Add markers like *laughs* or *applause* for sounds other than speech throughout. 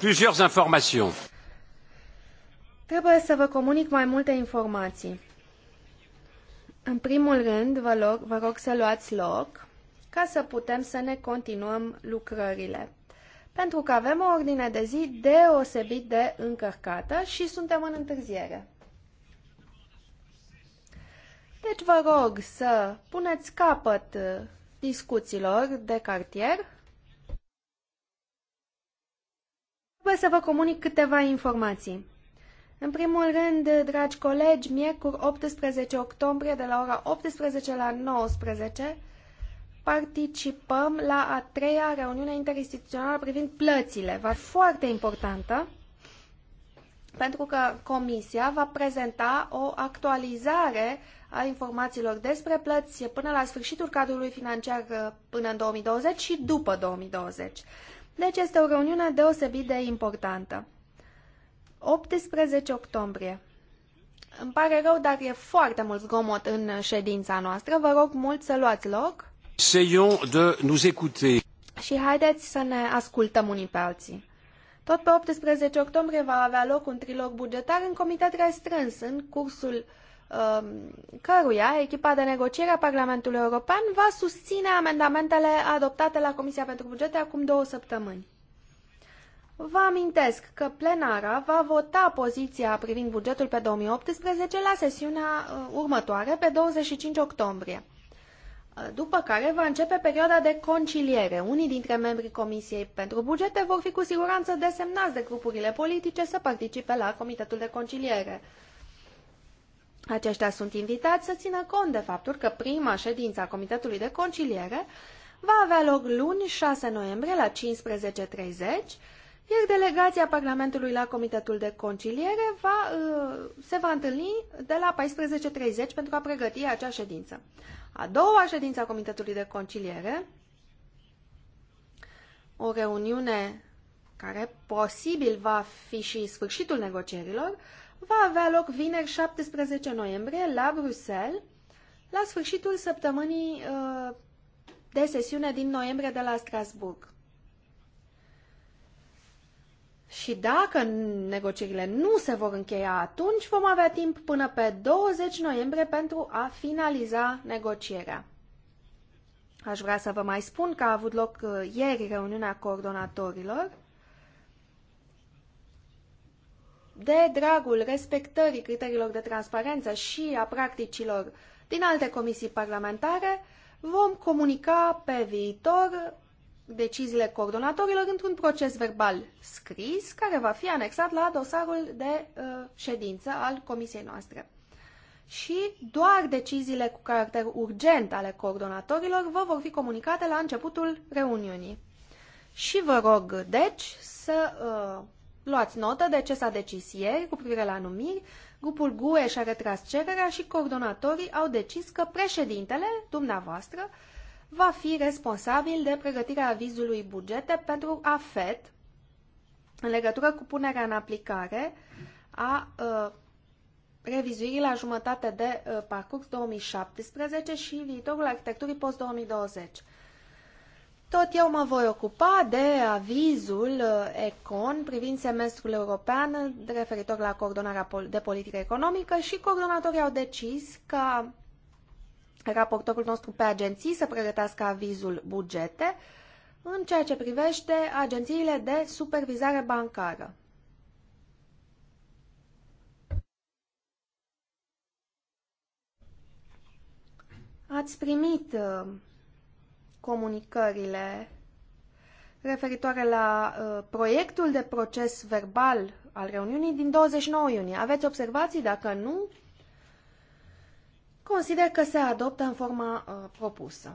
plusieurs informations. Trebuie să vă comunic mai multe informații. În primul rând, vă, log, vă rog să luați loc ca să putem să ne continuăm lucrările. Pentru că avem o ordine de zi deosebit de încărcată și suntem în întârziere. Deci vă rog să puneți capăt uh, discuțiilor de cartier Trebuie să vă comunic câteva informații. În primul rând, dragi colegi, miercuri 18 octombrie de la ora 18 la 19 participăm la a treia reuniune interinstituțională privind plățile. Va fi foarte importantă pentru că Comisia va prezenta o actualizare a informațiilor despre plăți până la sfârșitul cadrului financiar uh, până în 2020 și după 2020. Deci este o reuniune deosebit de importantă. 18 octombrie. Îmi pare rău, dar e foarte mult zgomot în ședința noastră. Vă rog mult să luați loc. Seion de nous écouter. Și haideți să ne ascultăm unii pe alții. Tot pe 18 octombrie va avea loc un trilog bugetar în comitet restrâns, în cursul uh, Um, căruia echipa de negociere a Parlamentului European va susține amendamentele adoptate la Comisia pentru Bugete acum două săptămâni. Vă amintesc că plenara va vota poziția privind bugetul pe 2018 la sesiunea uh, următoare, pe 25 octombrie, uh, după care va începe perioada de conciliere. Unii dintre membrii Comisiei pentru Bugete vor fi cu siguranță desemnați de grupurile politice să participe la Comitetul de Conciliere. Aceștia sunt invitați să țină cont de faptul că prima ședință a Comitetului de Conciliere va avea loc luni 6 noiembrie la 15.30, iar delegația Parlamentului la Comitetul de Conciliere va, uh, se va întâlni de la 14.30 pentru a pregăti acea ședință. A doua ședință a Comitetului de Conciliere, o reuniune care posibil va fi și sfârșitul negocierilor, va avea loc vineri 17 noiembrie la Bruxelles, la sfârșitul săptămânii uh, de sesiune din noiembrie de la Strasburg. Și dacă negocierile nu se vor încheia atunci, vom avea timp până pe 20 noiembrie pentru a finaliza negocierea. Aș vrea să vă mai spun că a avut loc uh, ieri reuniunea coordonatorilor de dragul respectării criteriilor de transparență și a practicilor din alte comisii parlamentare, vom comunica pe viitor deciziile coordonatorilor într-un proces verbal scris care va fi anexat la dosarul de uh, ședință al comisiei noastre. Și doar deciziile cu caracter urgent ale coordonatorilor vă vor fi comunicate la începutul reuniunii. Și vă rog, deci, să uh, Luați notă de ce s-a decis ieri cu privire la numiri, grupul GUE și-a retras cererea și coordonatorii au decis că președintele, dumneavoastră, va fi responsabil de pregătirea avizului bugete pentru AFET în legătură cu punerea în aplicare a uh, revizuirii la jumătate de uh, parcurs 2017 și viitorul arhitecturii post-2020. Tot eu mă voi ocupa de avizul uh, ECON privind semestrul european uh, referitor la coordonarea de politică economică și coordonatorii au decis ca raportorul nostru pe agenții să pregătească avizul bugete în ceea ce privește agențiile de supervizare bancară. Ați primit uh, comunicările referitoare la uh, proiectul de proces verbal al reuniunii din 29 iunie. Aveți observații? Dacă nu, consider că se adoptă în forma uh, propusă.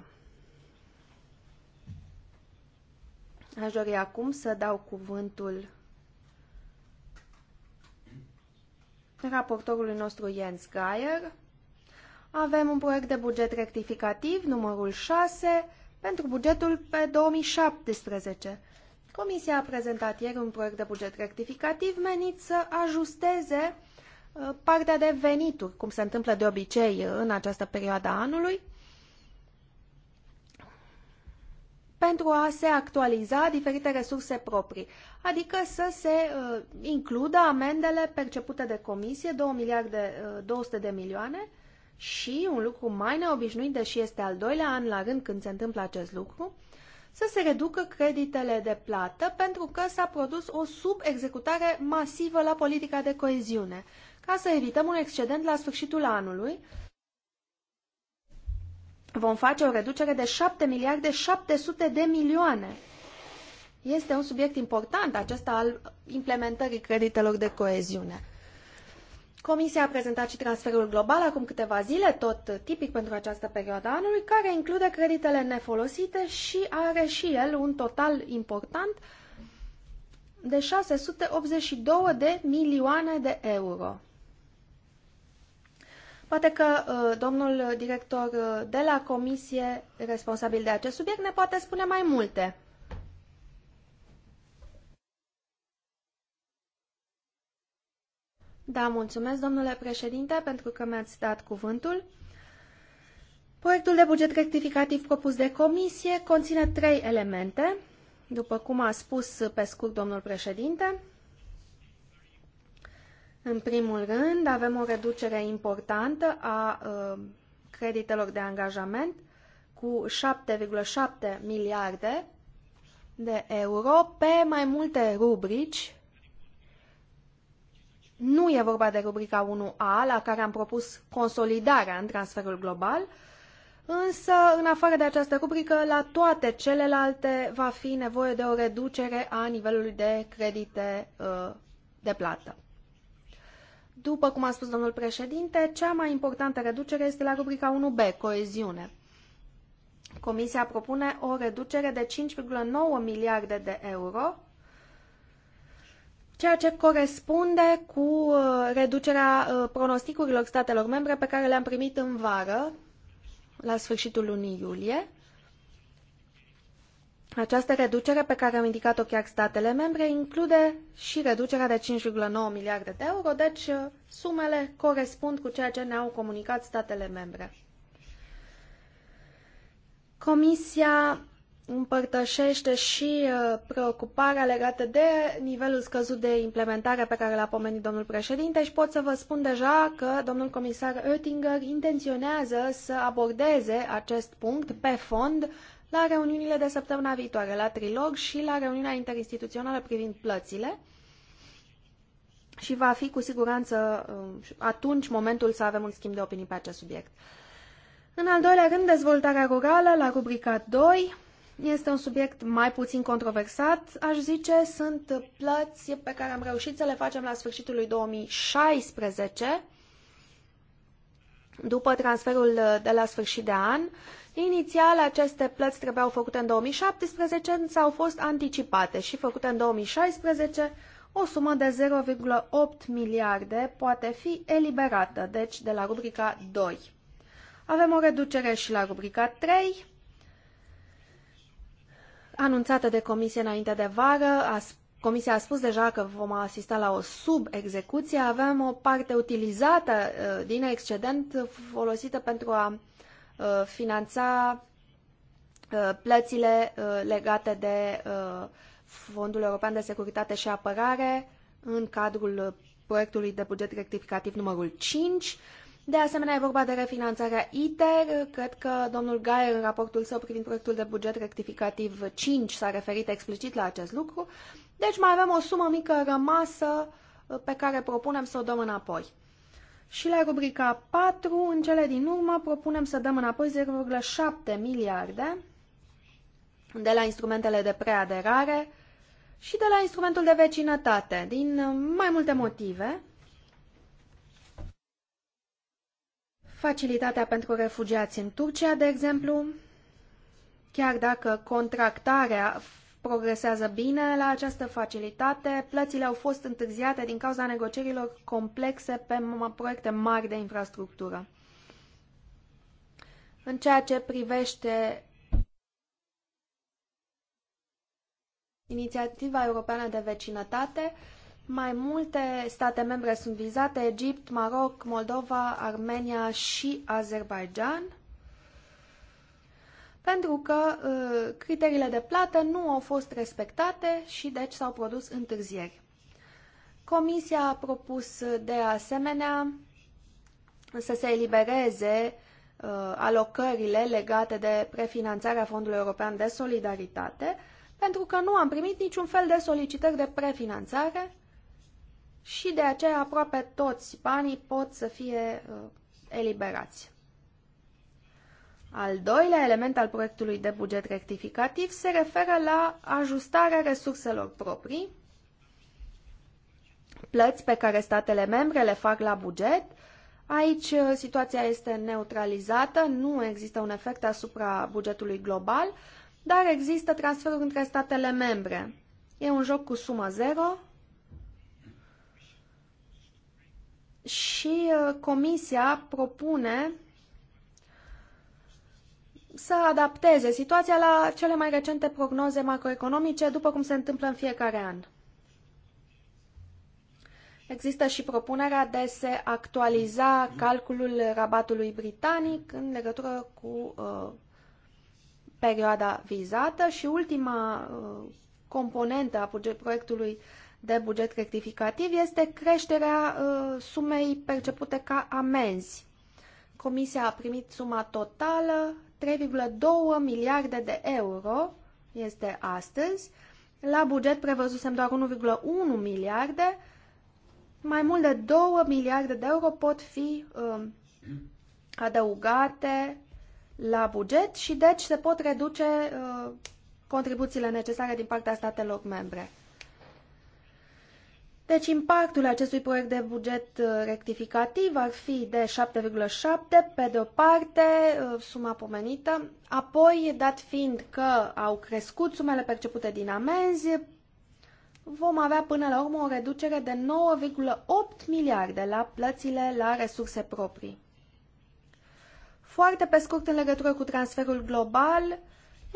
Aș dori acum să dau cuvântul raportorului nostru Jens Geier. Avem un proiect de buget rectificativ, numărul 6, pentru bugetul pe 2017. Comisia a prezentat ieri un proiect de buget rectificativ menit să ajusteze uh, partea de venituri, cum se întâmplă de obicei uh, în această perioadă a anului, pentru a se actualiza diferite resurse proprii, adică să se uh, includă amendele percepute de comisie, 2 miliarde 200 de milioane, și un lucru mai neobișnuit, deși este al doilea an la rând când se întâmplă acest lucru, să se reducă creditele de plată pentru că s-a produs o subexecutare masivă la politica de coeziune, ca să evităm un excedent la sfârșitul anului. Vom face o reducere de 7 miliarde 700 de milioane. Este un subiect important acesta al implementării creditelor de coeziune. Comisia a prezentat și transferul global acum câteva zile, tot tipic pentru această perioadă anului, care include creditele nefolosite și are și el un total important de 682 de milioane de euro. Poate că uh, domnul director uh, de la comisie responsabil de acest subiect ne poate spune mai multe. Da, mulțumesc, domnule președinte, pentru că mi-ați dat cuvântul. Proiectul de buget rectificativ propus de comisie conține trei elemente, după cum a spus pe scurt domnul președinte. În primul rând, avem o reducere importantă a uh, creditelor de angajament cu 7,7 miliarde de euro pe mai multe rubrici nu e vorba de rubrica 1A, la care am propus consolidarea în transferul global, însă, în afară de această rubrică, la toate celelalte va fi nevoie de o reducere a nivelului de credite uh, de plată. După cum a spus domnul președinte, cea mai importantă reducere este la rubrica 1B, coeziune. Comisia propune o reducere de 5,9 miliarde de euro ceea ce corespunde cu uh, reducerea uh, pronosticurilor statelor membre pe care le-am primit în vară, la sfârșitul lunii iulie. Această reducere pe care au indicat-o chiar statele membre include și reducerea de 5,9 miliarde de euro, deci uh, sumele corespund cu ceea ce ne-au comunicat statele membre. Comisia împărtășește și uh, preocuparea legată de nivelul scăzut de implementare pe care l-a pomenit domnul președinte și pot să vă spun deja că domnul comisar Oettinger intenționează să abordeze acest punct pe fond la reuniunile de săptămâna viitoare, la trilog și la reuniunea interinstituțională privind plățile și va fi cu siguranță um, atunci momentul să avem un schimb de opinii pe acest subiect. În al doilea rând, dezvoltarea rurală la rubrica 2. Este un subiect mai puțin controversat, aș zice, sunt plăți pe care am reușit să le facem la sfârșitul lui 2016, după transferul de la sfârșit de an. Inițial, aceste plăți trebuiau făcute în 2017, însă au fost anticipate și făcute în 2016. O sumă de 0,8 miliarde poate fi eliberată, deci de la rubrica 2. Avem o reducere și la rubrica 3, anunțată de comisie înainte de vară. A, comisia a spus deja că vom asista la o subexecuție. Avem o parte utilizată uh, din excedent folosită pentru a uh, finanța uh, plățile legate de Fondul European de Securitate și Apărare în cadrul proiectului de buget rectificativ numărul 5. De asemenea, e vorba de refinanțarea ITER. Cred că domnul Gaier, în raportul său privind proiectul de buget rectificativ 5, s-a referit explicit la acest lucru. Deci mai avem o sumă mică rămasă uh, pe care propunem să o dăm înapoi. Și la rubrica 4, în cele din urmă, propunem să dăm înapoi 0,7 miliarde de la instrumentele de preaderare și de la instrumentul de vecinătate, din uh, mai multe motive. Facilitatea pentru refugiați în Turcia, de exemplu, chiar dacă contractarea progresează bine la această facilitate, plățile au fost întârziate din cauza negocierilor complexe pe proiecte mari de infrastructură. În ceea ce privește inițiativa europeană de vecinătate, mai multe state membre sunt vizate, Egipt, Maroc, Moldova, Armenia și Azerbaijan, pentru că uh, criteriile de plată nu au fost respectate și deci s-au produs întârzieri. Comisia a propus uh, de asemenea să se elibereze uh, alocările legate de prefinanțarea Fondului European de Solidaritate, pentru că nu am primit niciun fel de solicitări de prefinanțare și de aceea aproape toți banii pot să fie uh, eliberați. Al doilea element al proiectului de buget rectificativ se referă la ajustarea resurselor proprii, plăți pe care statele membre le fac la buget. Aici uh, situația este neutralizată, nu există un efect asupra bugetului global, dar există transferuri între statele membre. E un joc cu sumă zero, și uh, Comisia propune să adapteze situația la cele mai recente prognoze macroeconomice, după cum se întâmplă în fiecare an. Există și propunerea de a se actualiza calculul rabatului britanic în legătură cu uh, perioada vizată și ultima uh, componentă a proiectului uh, de buget rectificativ este creșterea uh, sumei percepute ca amenzi. Comisia a primit suma totală 3,2 miliarde de euro, este astăzi. La buget prevăzusem doar 1,1 miliarde. Mai mult de 2 miliarde de euro pot fi uh, adăugate la buget și deci se pot reduce uh, contribuțiile necesare din partea statelor membre. Deci impactul acestui proiect de buget uh, rectificativ ar fi de 7,7 pe de o parte uh, suma pomenită, apoi dat fiind că au crescut sumele percepute din amenzi, vom avea până la urmă o reducere de 9,8 miliarde la plățile la resurse proprii. Foarte pe scurt în legătură cu transferul global,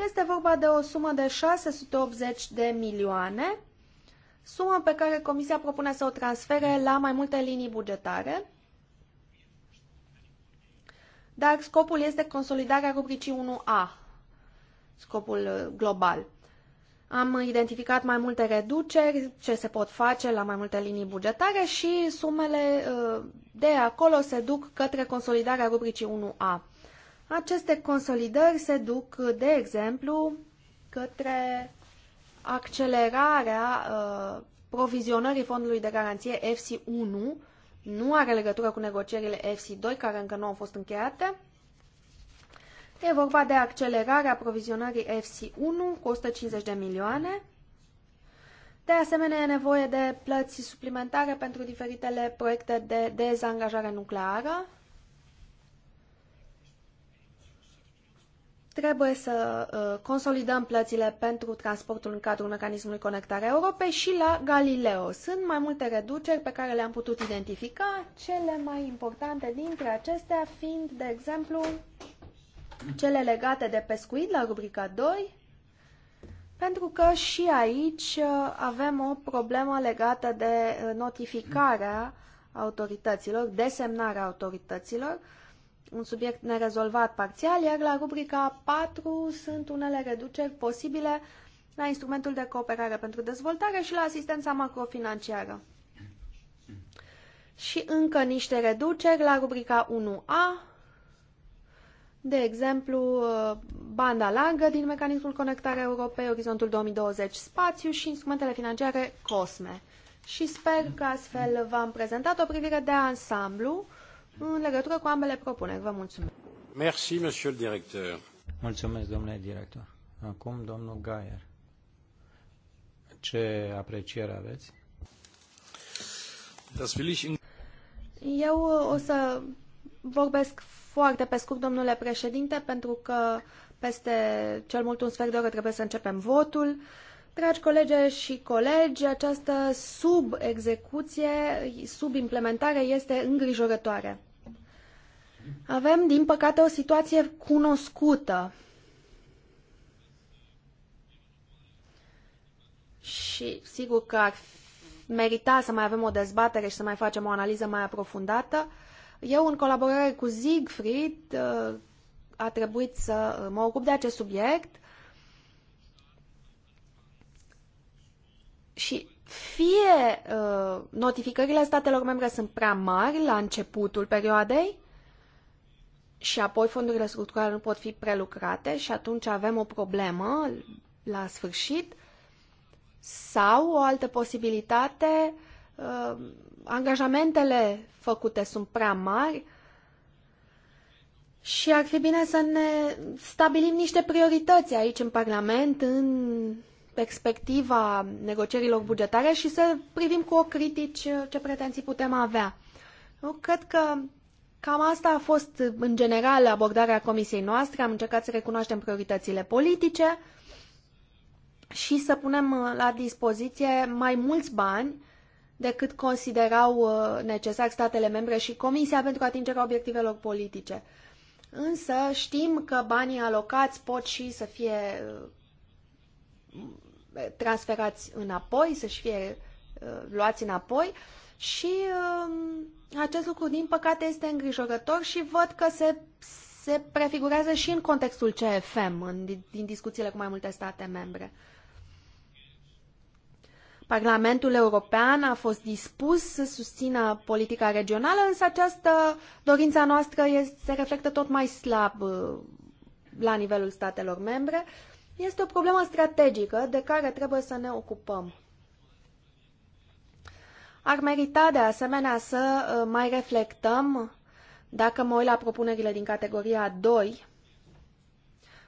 este vorba de o sumă de 680 de milioane, suma pe care Comisia propune să o transfere la mai multe linii bugetare, dar scopul este consolidarea rubricii 1A, scopul uh, global. Am identificat mai multe reduceri, ce se pot face la mai multe linii bugetare și sumele uh, de acolo se duc către consolidarea rubricii 1A. Aceste consolidări se duc, de exemplu, către accelerarea uh, provizionării fondului de garanție FC1 nu are legătură cu negocierile FC2, care încă nu au fost încheiate. E vorba de accelerarea provizionării FC1 cu 150 de milioane. De asemenea, e nevoie de plăți suplimentare pentru diferitele proiecte de dezangajare nucleară. Trebuie să uh, consolidăm plățile pentru transportul în cadrul mecanismului Conectarea Europei și la Galileo. Sunt mai multe reduceri pe care le-am putut identifica, cele mai importante dintre acestea fiind, de exemplu, cele legate de pescuit la rubrica 2, pentru că și aici uh, avem o problemă legată de uh, notificarea autorităților, desemnarea autorităților, un subiect nerezolvat parțial, iar la rubrica 4 sunt unele reduceri posibile la instrumentul de cooperare pentru dezvoltare și la asistența macrofinanciară. Și încă niște reduceri la rubrica 1A, de exemplu, banda largă din mecanismul conectare europei, orizontul 2020 spațiu și instrumentele financiare COSME. Și sper că astfel v-am prezentat o privire de ansamblu în legătură cu ambele propuneri. Vă mulțumesc. Merci, monsieur le directeur. Mulțumesc, domnule director. Acum, domnul Gaier. Ce apreciere aveți? Eu o să vorbesc foarte pe scurt, domnule președinte, pentru că peste cel mult un sfert de oră trebuie să începem votul. Dragi colege și colegi, această subexecuție, implementare este îngrijorătoare. Avem, din păcate, o situație cunoscută. Și sigur că ar merita să mai avem o dezbatere și să mai facem o analiză mai aprofundată. Eu, în colaborare cu Siegfried, uh, a trebuit să mă ocup de acest subiect și fie uh, notificările statelor membre sunt prea mari la începutul perioadei, și apoi fondurile structurale nu pot fi prelucrate și atunci avem o problemă la sfârșit. Sau o altă posibilitate, uh, angajamentele făcute sunt prea mari și ar fi bine să ne stabilim niște priorități aici în Parlament, în perspectiva negocierilor bugetare și să privim cu o critici ce pretenții putem avea. Eu cred că Cam asta a fost, în general, abordarea comisiei noastre. Am încercat să recunoaștem prioritățile politice și să punem uh, la dispoziție mai mulți bani decât considerau uh, necesar statele membre și Comisia pentru atingerea obiectivelor politice. Însă știm că banii alocați pot și să fie uh, transferați înapoi, să-și fie luați înapoi și uh, acest lucru, din păcate, este îngrijorător și văd că se, se prefigurează și în contextul CFM, în, din discuțiile cu mai multe state membre. Parlamentul European a fost dispus să susțină politica regională, însă această dorință noastră este, se reflectă tot mai slab uh, la nivelul statelor membre. Este o problemă strategică de care trebuie să ne ocupăm. Ar merita de asemenea să uh, mai reflectăm, dacă mă uit la propunerile din categoria 2,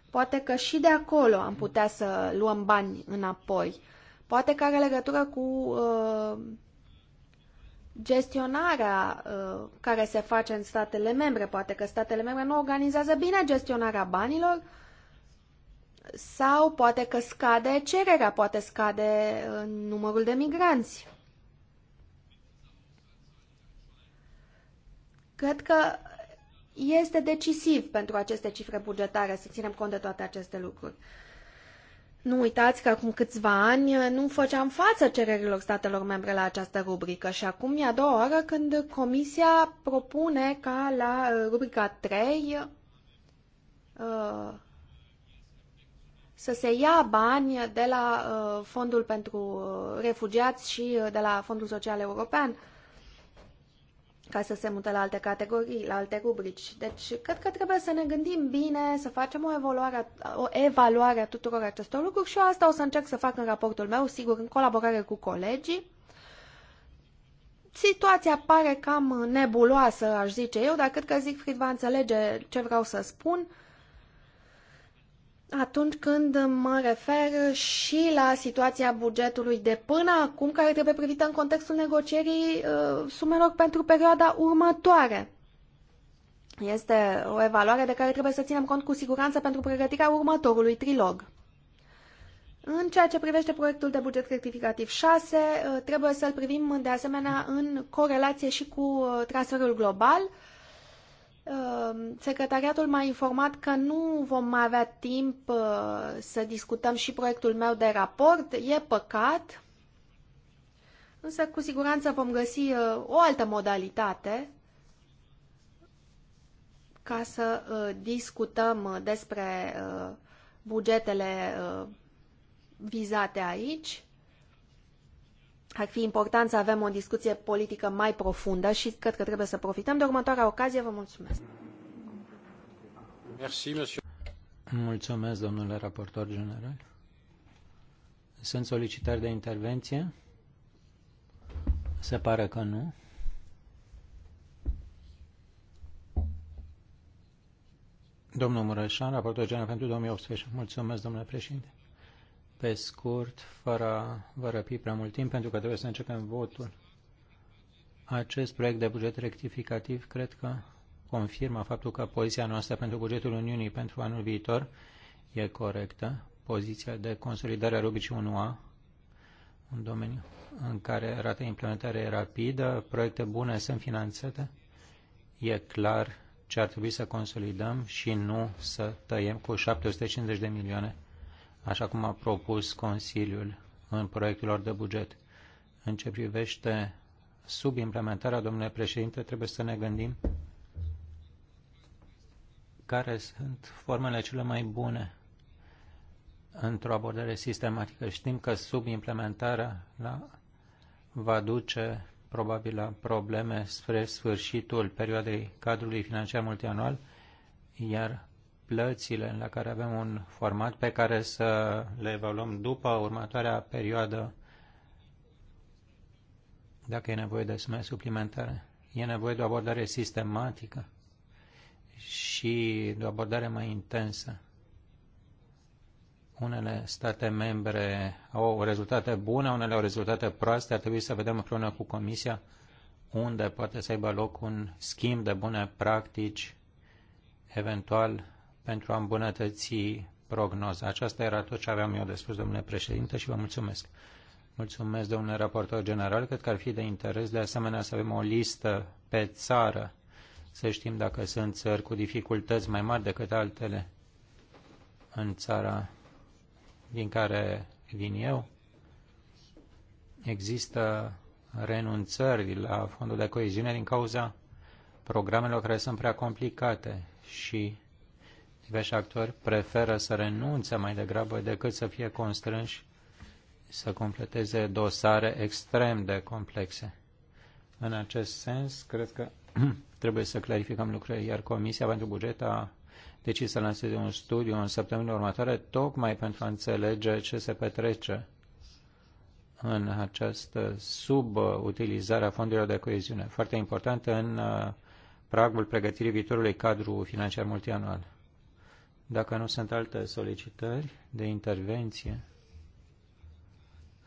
poate că și de acolo am putea să luăm bani înapoi. Poate că are legătură cu uh, gestionarea uh, care se face în statele membre. Poate că statele membre nu organizează bine gestionarea banilor sau poate că scade cererea, poate scade uh, numărul de migranți. Cred că este decisiv pentru aceste cifre bugetare să ținem cont de toate aceste lucruri. Nu uitați că acum câțiva ani nu făceam față cererilor statelor membre la această rubrică și acum e a doua oară când Comisia propune ca la uh, rubrica 3 uh, să se ia bani de la uh, Fondul pentru Refugiați și de la Fondul Social European ca să se mute la alte categorii, la alte rubrici. Deci, cred că trebuie să ne gândim bine, să facem o evaluare, o evaluare a tuturor acestor lucruri și asta o să încerc să fac în raportul meu, sigur, în colaborare cu colegii. Situația pare cam nebuloasă, aș zice eu, dar cred că Siegfried va înțelege ce vreau să spun atunci când mă refer și la situația bugetului de până acum, care trebuie privită în contextul negocierii uh, sumelor pentru perioada următoare. Este o evaluare de care trebuie să ținem cont cu siguranță pentru pregătirea următorului trilog. În ceea ce privește proiectul de buget rectificativ 6, uh, trebuie să-l privim de asemenea în corelație și cu uh, transferul global, Ehm, secretariatul m-a informat că nu vom mai avea timp uh, să discutăm și proiectul meu de raport. E păcat, însă cu siguranță vom găsi uh, o altă modalitate ca să uh, discutăm despre bugetele vizate aici ar fi important să avem o discuție politică mai profundă și cred că trebuie să profităm de următoarea ocazie. Vă mulțumesc. Mulțumesc, domnule raportor general. Sunt solicitări de intervenție? Se pare că nu. Domnul Mureșan, raportor general pentru 2018. Mulțumesc, domnule președinte pe scurt, fără a vă răpi prea mult timp, pentru că trebuie să începem votul. Acest proiect de buget rectificativ cred că confirmă faptul că poziția noastră pentru bugetul Uniunii pentru anul viitor e corectă. Poziția de consolidare a rubricii 1A, un domeniu în care rata implementare e rapidă, proiecte bune sunt finanțate, e clar ce ar trebui să consolidăm și nu să tăiem cu 750 de milioane așa cum a propus Consiliul în proiectelor de buget. În ce privește subimplementarea, domnule președinte, trebuie să ne gândim care sunt formele cele mai bune într-o abordare sistematică. Știm că subimplementarea la, va duce probabil la probleme spre sfârșitul perioadei cadrului financiar multianual, iar plățile la care avem un format pe care să le evaluăm după următoarea perioadă dacă e nevoie de sume suplimentare. E nevoie de o abordare sistematică și de o abordare mai intensă. Unele state membre au rezultate bune, unele au rezultate proaste. Ar trebui să vedem împreună cu Comisia unde poate să aibă loc un schimb de bune practici, eventual pentru a îmbunătăți prognoza. Aceasta era tot ce aveam eu de spus, domnule președinte, și vă mulțumesc. Mulțumesc, domnule raportor general. Cred că ar fi de interes, de asemenea, să avem o listă pe țară, să știm dacă sunt țări cu dificultăți mai mari decât altele în țara din care vin eu. Există renunțări la fondul de coeziune din cauza programelor care sunt prea complicate și diversi actori preferă să renunțe mai degrabă decât să fie constrânși să completeze dosare extrem de complexe. În acest sens, cred că *clears throat* trebuie să clarificăm lucrurile, iar Comisia pentru Buget a decis să lanseze un studiu în săptămâna următoare, tocmai pentru a înțelege ce se petrece în această subutilizare a fondurilor de coeziune, foarte importantă în uh, pragul pregătirii viitorului cadru financiar multianual. Dacă nu sunt alte solicitări de intervenție,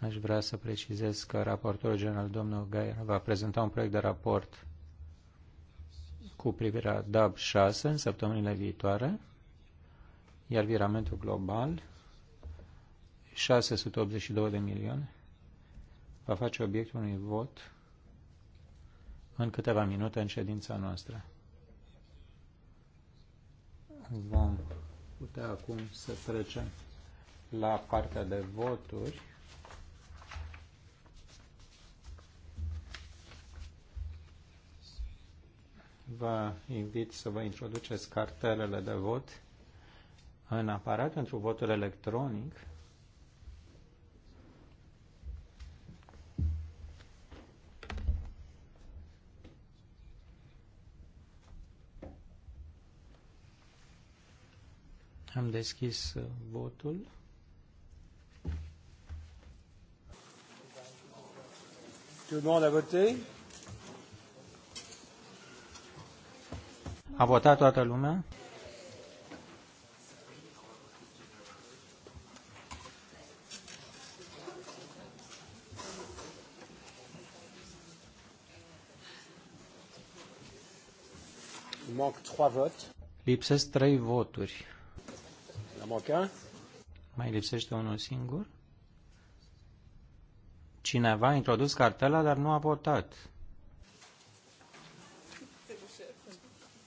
aș vrea să precizez că raportorul general, domnul Gaia, va prezenta un proiect de raport cu privire la DAB 6 în săptămânile viitoare, iar viramentul global, 682 de milioane, va face obiectul unui vot în câteva minute în ședința noastră. Vom putea acum să trecem la partea de voturi. Vă invit să vă introduceți cartelele de vot în aparat pentru votul electronic. Am deschis uh, votul. A votat toată lumea? Lipsesc trei voturi. În Mai lipsește unul singur? Cineva a introdus cartela, dar nu a votat.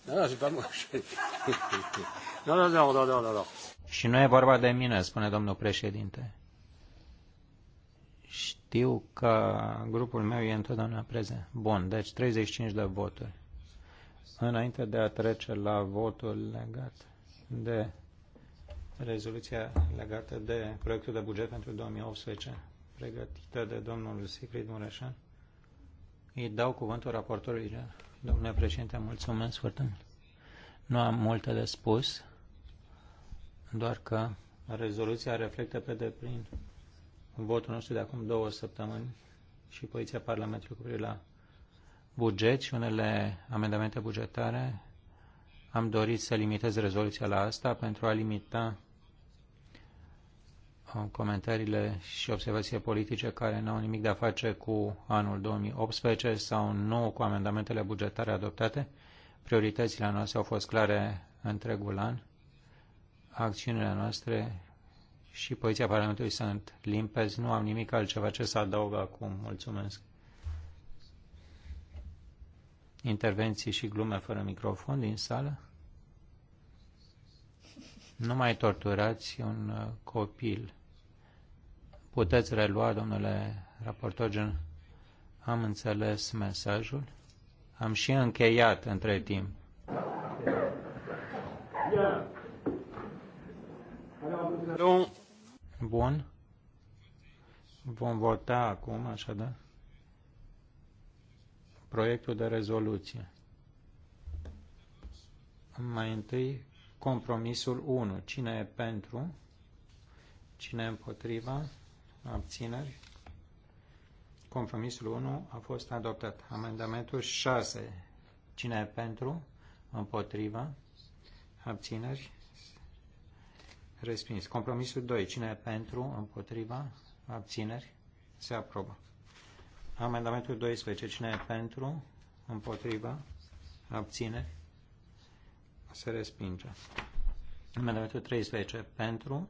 Nu, nu, Nu, nu, nu, nu, nu, nu. Și nu e vorba de mine, spune domnul președinte. Știu că grupul meu e întotdeauna prezent. Bun, deci 35 de voturi. Înainte de a trece la votul legat de rezoluția legată de proiectul de buget pentru 2018 pregătită de domnul Sigrid Mureșan. Îi dau cuvântul raportorului. Domnule președinte, mulțumesc foarte mult. Nu am multe de spus, doar că rezoluția reflectă pe deplin votul nostru de acum două săptămâni și poziția Parlamentului cu privire la buget și unele amendamente bugetare. Am dorit să limitez rezoluția la asta pentru a limita Uh, comentariile și observațiile politice care n-au nimic de a face cu anul 2018 sau nu cu amendamentele bugetare adoptate. Prioritățile noastre au fost clare întregul an. Acțiunile noastre și poziția Parlamentului sunt limpezi. Nu am nimic altceva ce să adaug acum. Mulțumesc. Intervenții și glume fără microfon din sală. Nu mai torturați un uh, copil. Puteți relua, domnule raportor gen. Am înțeles mesajul. Am și încheiat între timp. Bun. Vom vota acum, așadar, proiectul de rezoluție. Mai întâi, compromisul 1. Cine e pentru? Cine e împotriva? abțineri. Compromisul 1 a fost adoptat. Amendamentul 6. Cine e pentru? Împotriva? Abțineri? Respins. Compromisul 2. Cine e pentru? Împotriva? Abțineri? Se aprobă. Amendamentul 12. Cine e pentru? Împotriva? Abțineri? Se respinge. Amendamentul 13. Pentru?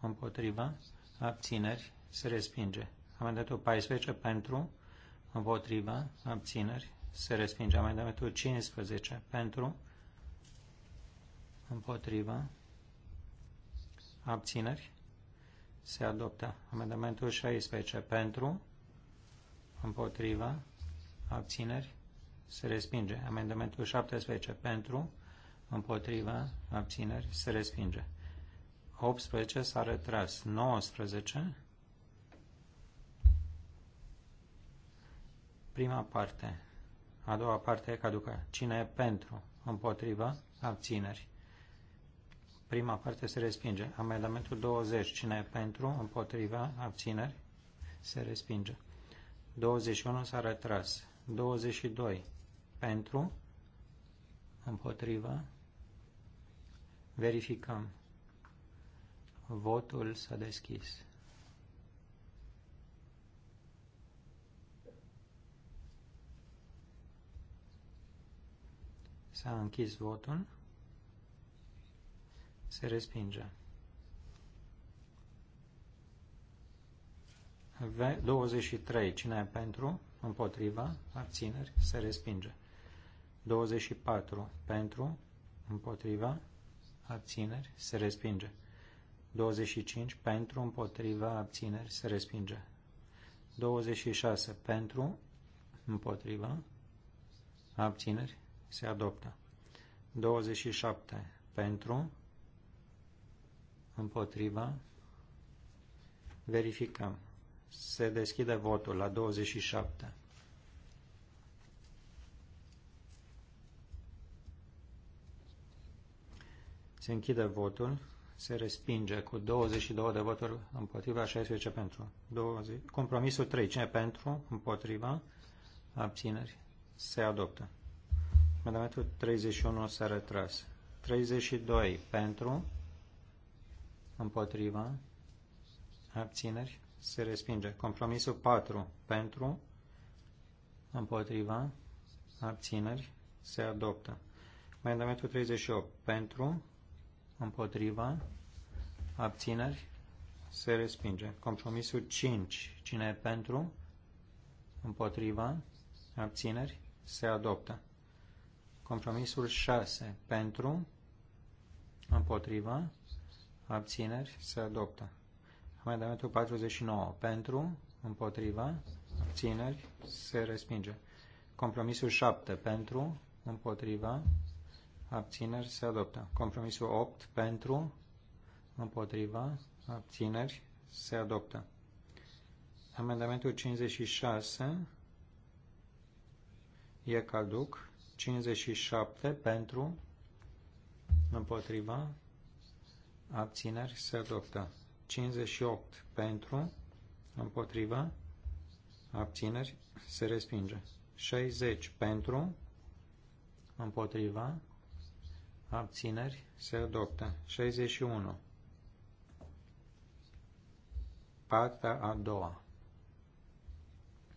Împotriva? Abțineri? se respinge. Amendamentul 14 pentru, împotriva, abțineri, se respinge. Amendamentul 15 pentru, împotriva, abțineri, se adoptă. Amendamentul 16 pentru, împotriva, abțineri, se respinge. Amendamentul 17 pentru, împotriva, abțineri, se respinge. 18 s-a retras. 19 Prima parte. A doua parte e caducă. Cine e pentru? Împotrivă? Abțineri. Prima parte se respinge. Amendamentul 20. Cine e pentru? Împotrivă? Abțineri. Se respinge. 21 s-a retras. 22. Pentru? Împotrivă? Verificăm. Votul s-a deschis. S-a închis votul. Se respinge. 23. Cine e pentru? Împotriva? Abțineri? Se respinge. 24. Pentru? Împotriva? Abțineri? Se respinge. 25. Pentru? Împotriva? Abțineri? Se respinge. 26. Pentru? Împotriva? Abțineri? se adoptă. 27 pentru, împotriva, verificăm. Se deschide votul la 27. Se închide votul, se respinge cu 22 de voturi împotriva, 16 pentru. 20. Compromisul 3, cine pentru, împotriva, abțineri, se adoptă. Amendamentul 31 s-a retras. 32 pentru, împotriva, abțineri, se respinge. Compromisul 4 pentru, împotriva, abțineri, se adoptă. Amendamentul 38 pentru, împotriva, abțineri, se respinge. Compromisul 5, cine e pentru, împotriva, abțineri, se adoptă. Compromisul 6 pentru, împotriva, abțineri, se adoptă. Amendamentul 49 pentru, împotriva, abțineri, se respinge. Compromisul 7 pentru, împotriva, abțineri, se adoptă. Compromisul 8 pentru, împotriva, abțineri, se adoptă. Amendamentul 56 e caduc. 57 pentru, împotriva, abțineri se adoptă. 58 pentru, împotriva, abțineri se respinge. 60 pentru, împotriva, abțineri se adoptă. 61 partea a doua.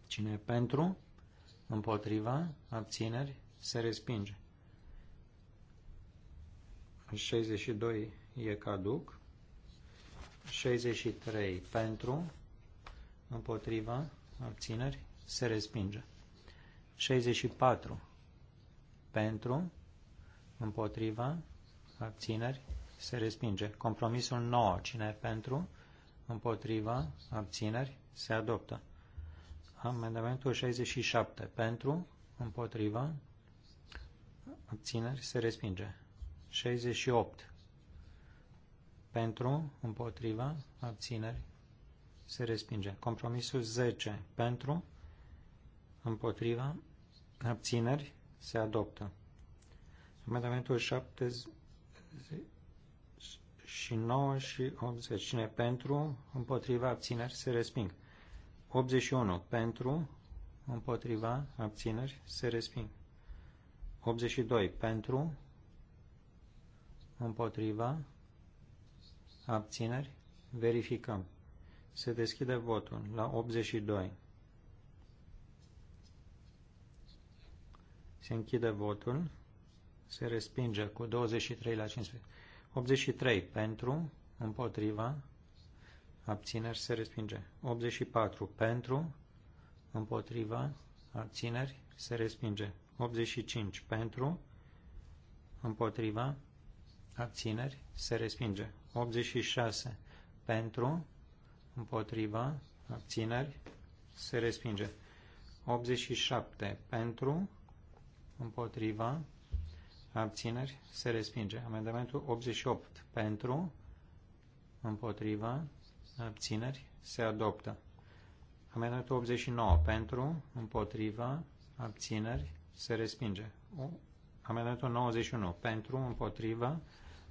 Cine pentru, împotriva, abțineri, se respinge. 62 e caduc. 63 pentru, împotriva, abțineri, se respinge. 64 pentru, împotriva, abțineri, se respinge. Compromisul 9, cine e pentru, împotriva, abțineri, se adoptă. Amendamentul 67 pentru, împotriva, abțineri, se respinge. 68. Pentru, împotriva, abțineri, se respinge. Compromisul 10. Pentru, împotriva, abțineri, se adoptă. Amendamentul 70 și 9 și 80. Cine pentru, împotriva, abțineri, se resping. 81. Pentru, împotriva, abțineri, se resping. 82 pentru, împotriva, abțineri, verificăm. Se deschide votul la 82. Se închide votul. Se respinge cu 23 la 15. 83 pentru, împotriva, abțineri, se respinge. 84 pentru, împotriva, abțineri, se respinge. 85 pentru, împotriva, abțineri, se respinge. 86 pentru, împotriva, abțineri, se respinge. 87 pentru, împotriva, abțineri, se respinge. Amendamentul 88 pentru, împotriva, abțineri, se adoptă. Amendamentul 89 pentru, împotriva, abțineri, se respinge. Amendamentul 91 pentru, împotriva,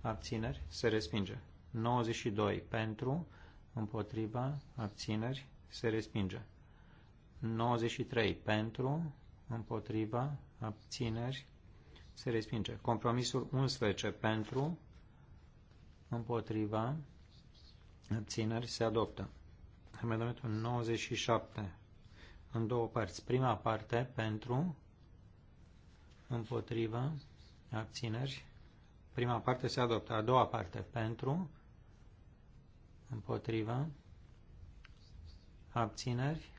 abțineri, se respinge. 92 pentru, împotriva, abțineri, se respinge. 93 pentru, împotriva, abțineri, se respinge. Compromisul 11 pentru, împotriva, abțineri, se adoptă. Amendamentul 97 în două părți. Prima parte pentru, împotriva, abțineri. Prima parte se adoptă, a doua parte pentru, împotriva, abțineri.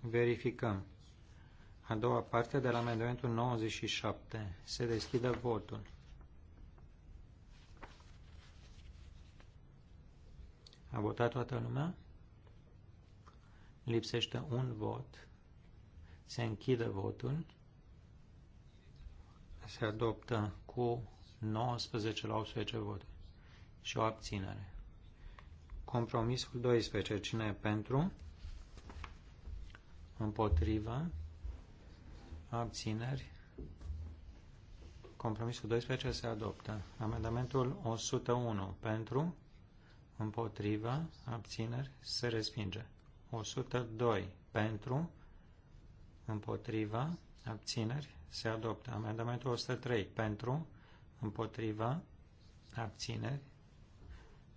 Verificăm. A doua parte de la amendamentul 97. Se deschide votul. A votat toată lumea? Lipsește un vot. Se închide votul se adoptă cu 19 la 18 voturi și o abținere. Compromisul 12. Cine e pentru? Împotriva? Abțineri? Compromisul 12 se adoptă. Amendamentul 101. Pentru? Împotriva? Abțineri? Se respinge. 102. Pentru? Împotriva? Abțineri? se adoptă. Amendamentul 103 pentru, împotriva, abțineri,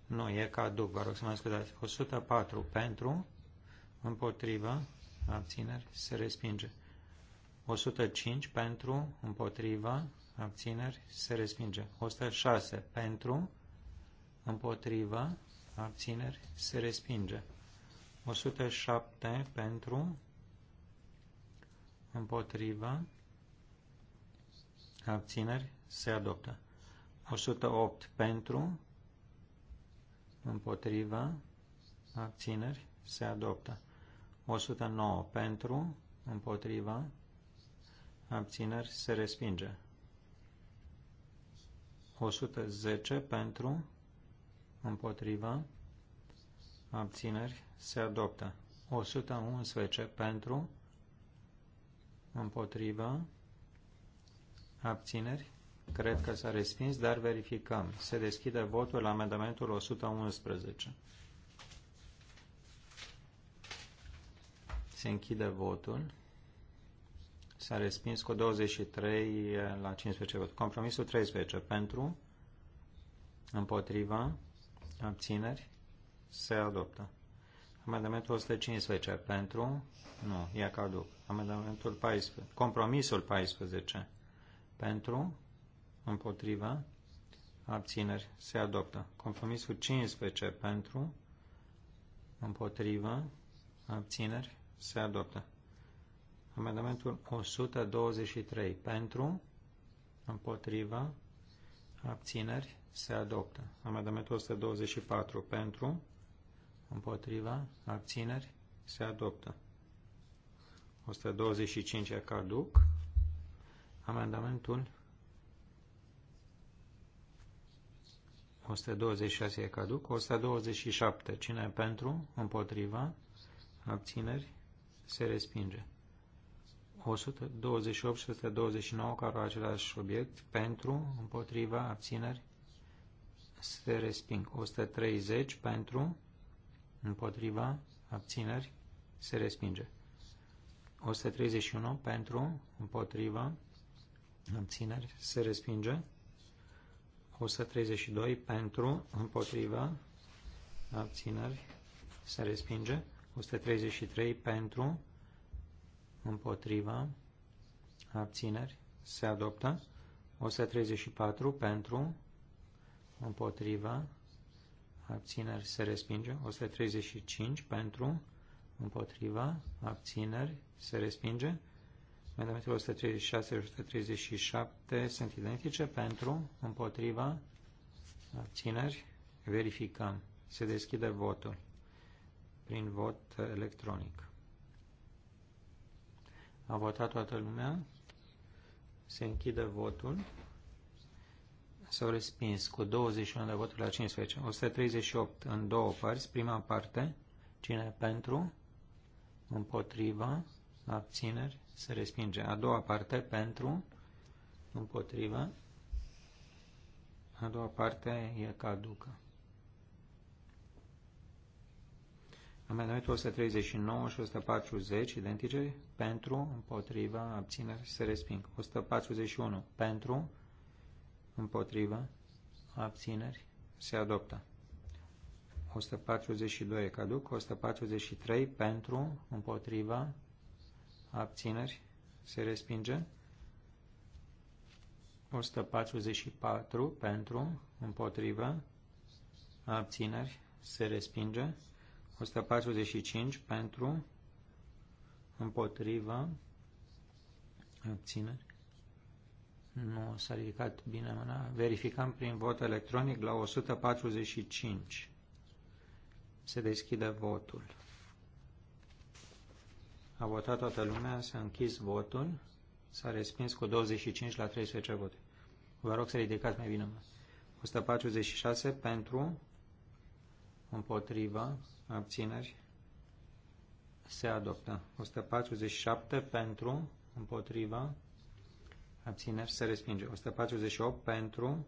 nu, e caduc, vă rog să mă scuzați. 104 pentru, împotriva, abțineri, se respinge. 105 pentru, împotriva, abțineri, se respinge. 106 pentru, împotriva, abțineri, se respinge. 107 pentru, împotriva, abțineri, se adoptă. 108 pentru, împotriva, abțineri, se adoptă. 109 pentru, împotriva, abțineri, se respinge. 110 pentru, împotriva, abțineri, se adoptă. 111 pentru, împotriva, Abțineri? Cred că s-a respins, dar verificăm. Se deschide votul la amendamentul 111. Se închide votul. S-a respins cu 23 eh, la 15 vot. Compromisul 13 pentru, împotriva, abțineri, se adoptă. Amendamentul 115 pentru, nu, ia caduc. Amendamentul 14, compromisul 14 pentru, împotriva, abțineri, se adoptă. Compromisul 15 pentru, împotriva, abțineri, se adoptă. Amendamentul 123 pentru, împotriva, abțineri, se adoptă. Amendamentul 124 pentru, împotriva, abțineri, se adoptă. 125 e caduc. Amendamentul 126 e caduc. 127. Cine e pentru? Împotriva? Abțineri? Se respinge. 128 și 129 care au același obiect. Pentru? Împotriva? Abțineri? Se resping. 130 pentru? Împotriva? Abțineri? Se respinge. 131 pentru? Împotriva? abțineri, se respinge. 132 pentru, împotriva, abțineri, se respinge. 133 pentru, împotriva, abțineri, se adoptă. 134 pentru, împotriva, abțineri, se respinge. 135 pentru, împotriva, abțineri, se respinge. Amendamentele 136 și 137 sunt identice pentru, împotriva, abțineri, verificăm. Se deschide votul prin vot electronic. A votat toată lumea. Se închide votul. S-au respins cu 21 de voturi la 15. 138 în două părți. Prima parte. Cine pentru? Împotriva? Abțineri? se respinge. A doua parte pentru, împotrivă, a doua parte e caducă. Amendamentul 139 și 140 identice pentru, împotrivă, abținere, se resping. 141 pentru, împotrivă, abțineri, se adoptă. 142 caduc, 143 pentru, împotrivă, abțineri, se respinge. 144 pentru, împotrivă, abțineri, se respinge. 145 pentru, împotrivă, abțineri. Nu s-a ridicat bine mâna. Verificăm prin vot electronic la 145. Se deschide votul. A votat toată lumea, s-a închis votul, s-a respins cu 25 la 13 voturi. Vă rog să ridicați mai bine. 146 pentru, împotriva, abțineri, se adoptă. 147 pentru, împotriva, abțineri, se respinge. 148 pentru,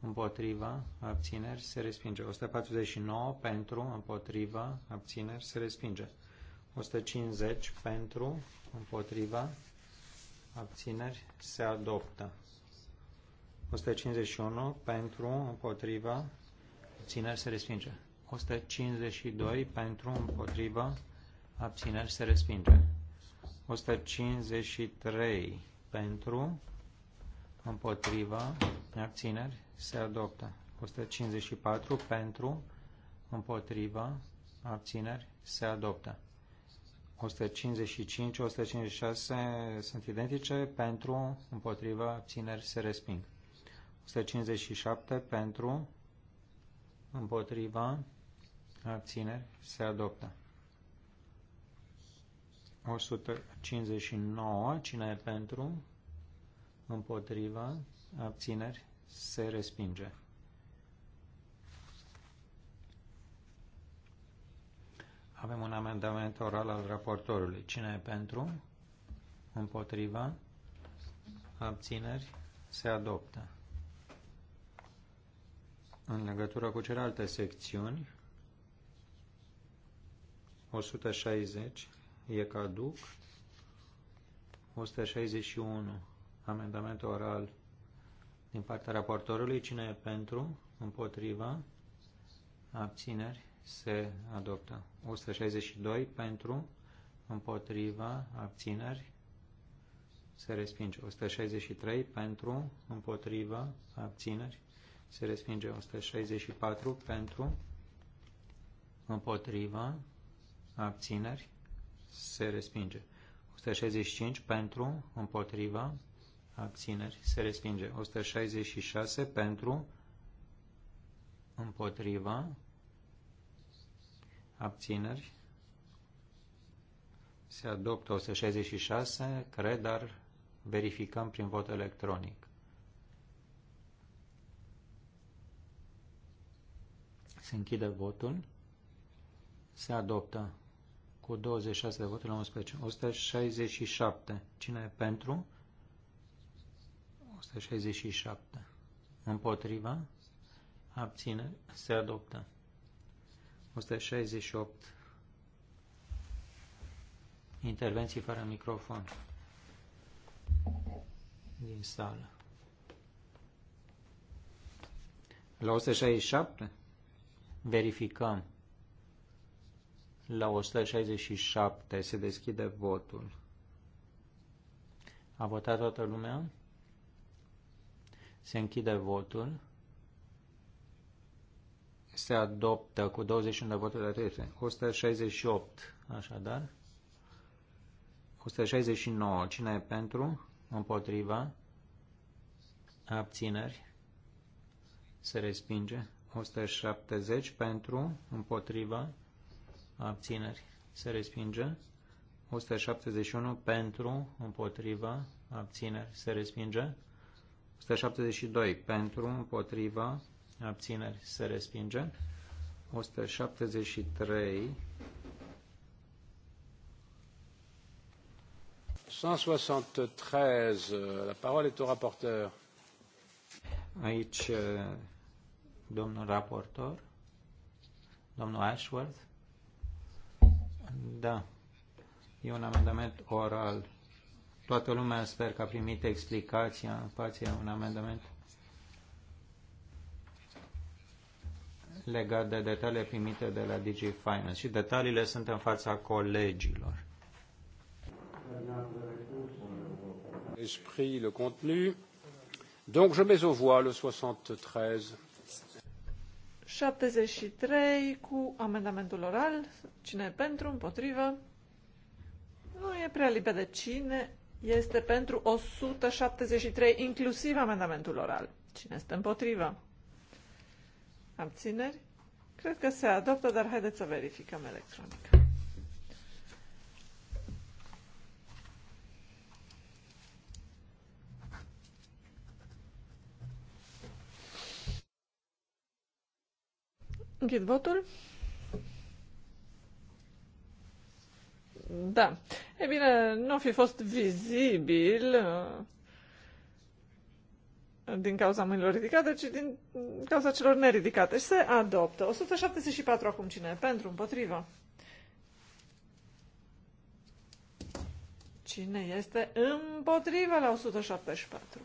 împotriva, abțineri, se respinge. 149 pentru, împotriva, abțineri, se respinge. 150 pentru, împotriva, abțineri, se adoptă. 151 pentru, împotriva, abțineri, se respinge. 152 pentru, împotriva, abțineri, se respinge. 153 pentru, împotriva, abțineri, se adoptă. 154 pentru, împotriva, abțineri, se adoptă. 155, 156 sunt identice, pentru, împotriva, abțineri se resping. 157 pentru, împotriva, abțineri se adoptă. 159, cine e pentru, împotriva, abțineri se respinge. Avem un amendament oral al raportorului. Cine e pentru? Împotriva? Abțineri? Se adoptă. În legătură cu celelalte secțiuni, 160 e caduc, 161 amendament oral din partea raportorului. Cine e pentru? Împotriva? Abțineri? se adoptă. 162 pentru, împotriva, abțineri, se respinge. 163 pentru, împotriva, abțineri, se respinge. 164 pentru, împotriva, abțineri, se respinge. 165 pentru, împotriva, abțineri, se respinge. 166 pentru, împotriva, abțineri, se adoptă 166, cred, dar verificăm prin vot electronic. Se închide votul. Se adoptă cu 26 de voturi la 11. 167. Cine e pentru? 167. Împotriva? Abține. Se adoptă. 168. Intervenții fără microfon din sală. La 167 verificăm. La 167 se deschide votul. A votat toată lumea? Se închide votul se adoptă cu 21 de voturi atâtea 168, așadar. 169. Cine e pentru? Împotriva? Abțineri? Se respinge. 170 pentru, împotriva, abțineri. Se respinge. 171 pentru, împotriva, abțineri. Se respinge. 172 pentru, împotriva, abțineri se respinge. 173 173, la parole est au rapporteur. Aici, uh, domnul raportor, domnul Ashworth. Da, e un amendament oral. Toată lumea sper că a primit explicația în față un amendament legat de detalii primite de la DG Finance și detaliile sunt în fața colegilor. Esprit, le contenu. Donc je mets au voie le 73. 73 cu amendamentul oral. Cine e pentru, împotrivă? Nu e prea liber de cine este pentru 173, inclusiv amendamentul oral. Cine este împotrivă? Abțineri? Cred că se adoptă, dar haideți să verificăm electronic. Închid votul. Da. E bine, nu fi fost vizibil uh, din cauza mâinilor ridicate, ci din cauza celor neridicate. Și se adoptă. 174 acum cine? Pentru, împotrivă. Cine este împotrivă la 174?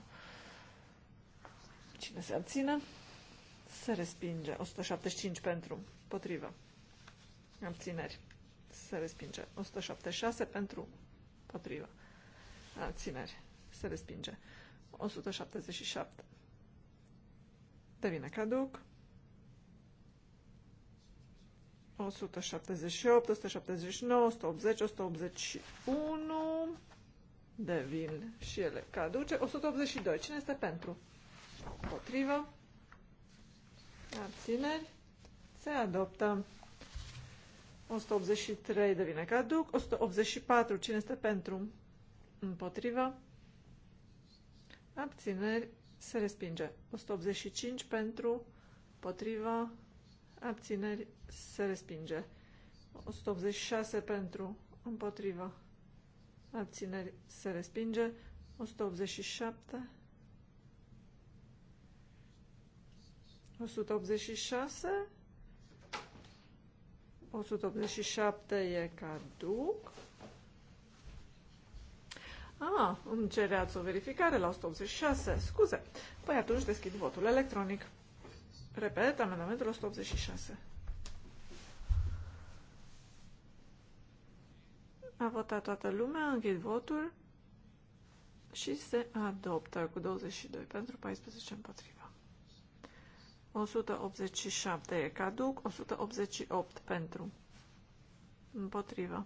Cine se abține? Se respinge. 175 pentru, împotrivă. Abțineri. Se respinge. 176 pentru, împotrivă. Abțineri. Se respinge. 177. Devine caduc. 178, 179, 180, 181 devin și ele caduce. 182. Cine este pentru? Potrivă. Abțineri. Se adoptă. 183 devine caduc. 184. Cine este pentru? Împotrivă abțineri, se respinge. 185 pentru, potriva, abțineri, se respinge. 186 pentru, împotriva, abțineri, se respinge. 187 186 187 e caduc Ah, îmi cereați o verificare la 186. Scuze. Păi atunci deschid votul electronic. Repet, amendamentul 186. A votat toată lumea, închid votul și se adoptă cu 22 pentru 14 împotriva. 187 e caduc, 188 pentru împotriva.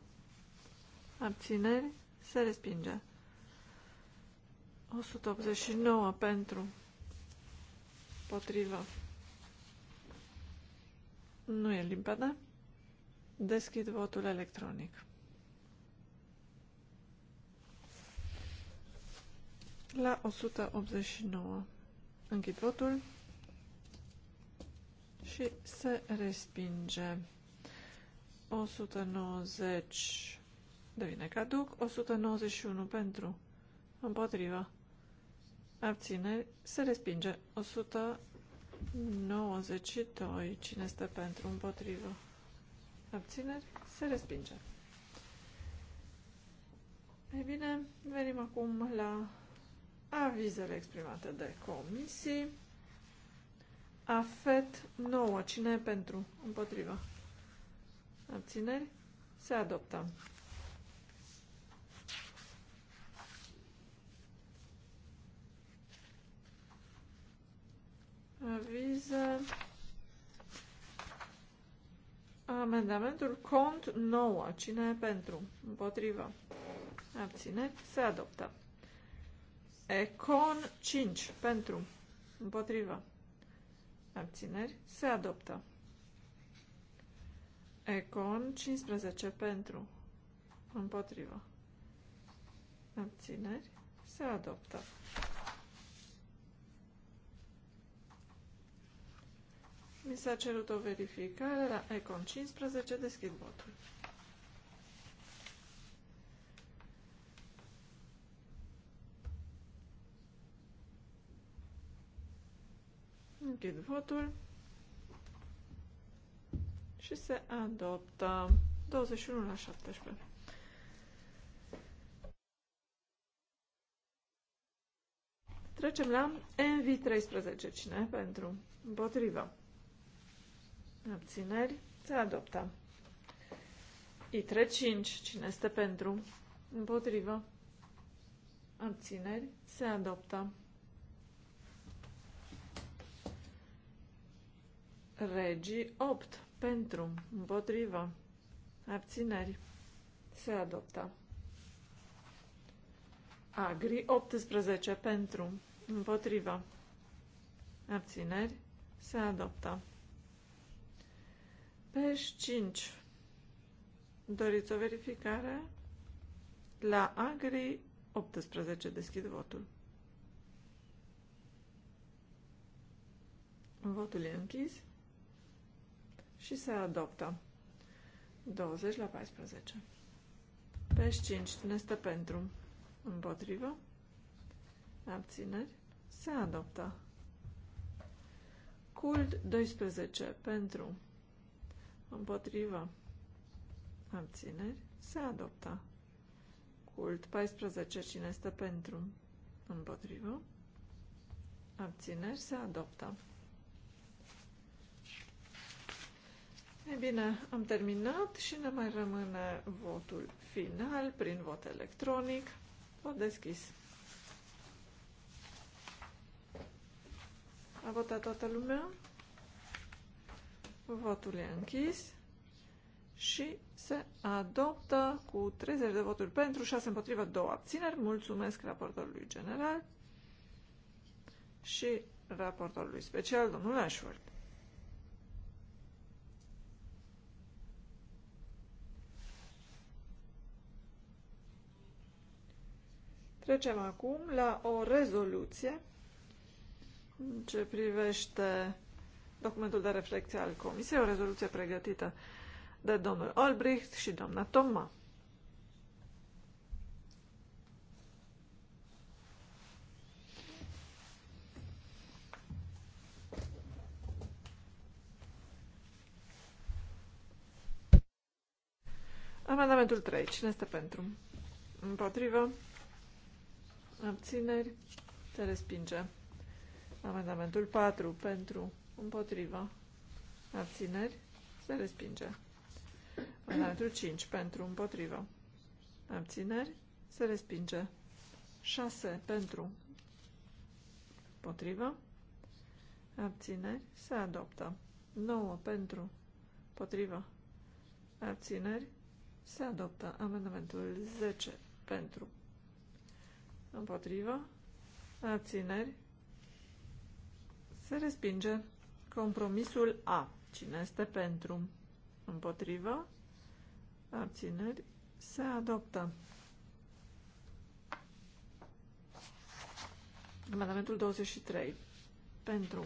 Abțineri se respinge. 189 pentru potrivă. Nu e limpede. Deschid votul electronic. La 189. Închid votul și se respinge. 190 devine caduc, 191 pentru, împotriva, abțineri, se respinge. 192, cine este pentru, împotrivă, abțineri, se respinge. Ei bine, venim acum la avizele exprimate de comisii. AFET 9. Cine pentru? Împotrivă. Abțineri? Se adoptă. Avize. Amendamentul cont 9. Cine e pentru? Împotrivă. Abține. Se adoptă. Econ 5. Pentru. Împotrivă. Abțineri. Se adoptă. Econ 15. Pentru. Împotrivă. Abțineri. Se adoptă. Mi s-a cerut o verificare la Econ 15, deschid votul. Închid votul și se adoptă 21 la 17. Trecem la mv 13 Cine pentru? Împotrivă. Abțineri. Se adoptă. I35. Cine este pentru? Împotrivă. Abțineri. Se adoptă. Regii 8. Pentru. Împotrivă. Abțineri. Se adoptă. Agri 18. Pentru. Împotrivă. Abțineri. Se adoptă. Peș 5. Doriți o verificare? La Agri 18 deschid votul. Votul e închis și se adoptă. 20 la 14. Peș 5. Ne stă pentru? Împotrivă? Abțineri? Se adoptă. Cult 12. Pentru. Împotrivă. Abțineri. Se adopta. Cult 14. Cine este pentru? Împotrivă. Abțineri. Se adoptă. E bine, am terminat și ne mai rămâne votul final prin vot electronic. Vot deschis. A votat toată lumea? Votul e închis și se adoptă cu 30 de voturi pentru, 6 împotrivă, 2 abțineri. Mulțumesc raportorului general și raportorului special, domnul Ashworth. Trecem acum la o rezoluție ce privește documentul de reflecție al Comisiei, o rezoluție pregătită de domnul Olbricht și doamna Toma. Amendamentul 3. Cine este pentru? Împotrivă? Abțineri? Se respinge. Amendamentul 4. Pentru? Împotriva. Abțineri. Se respinge. Amendamentul 5. Pentru. Împotriva. Abțineri. Se respinge. 6. Pentru. Împotriva. Abțineri. Se adoptă. 9. Pentru. Împotriva. Abțineri. Se adoptă. Amendamentul 10. Pentru. Împotriva. Abțineri. Se respinge. Compromisul A. Cine este pentru? Împotrivă? Abțineri? Se adoptă. Amendamentul 23. Pentru.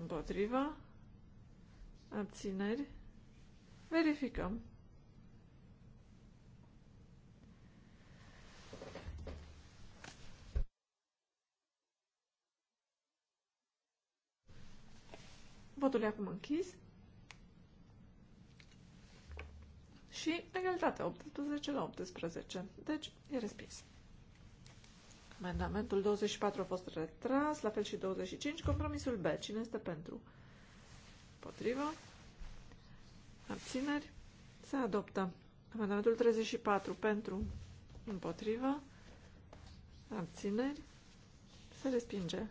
Împotrivă? Abțineri? Verificăm. Votul e acum închis. Și egalitate, 18 la 18. Deci, e respins. Amendamentul 24 a fost retras, la fel și 25. Compromisul B. Cine este pentru? Potrivă. Abțineri. Se adoptă. Amendamentul 34 pentru. Împotrivă. Abțineri. Se respinge.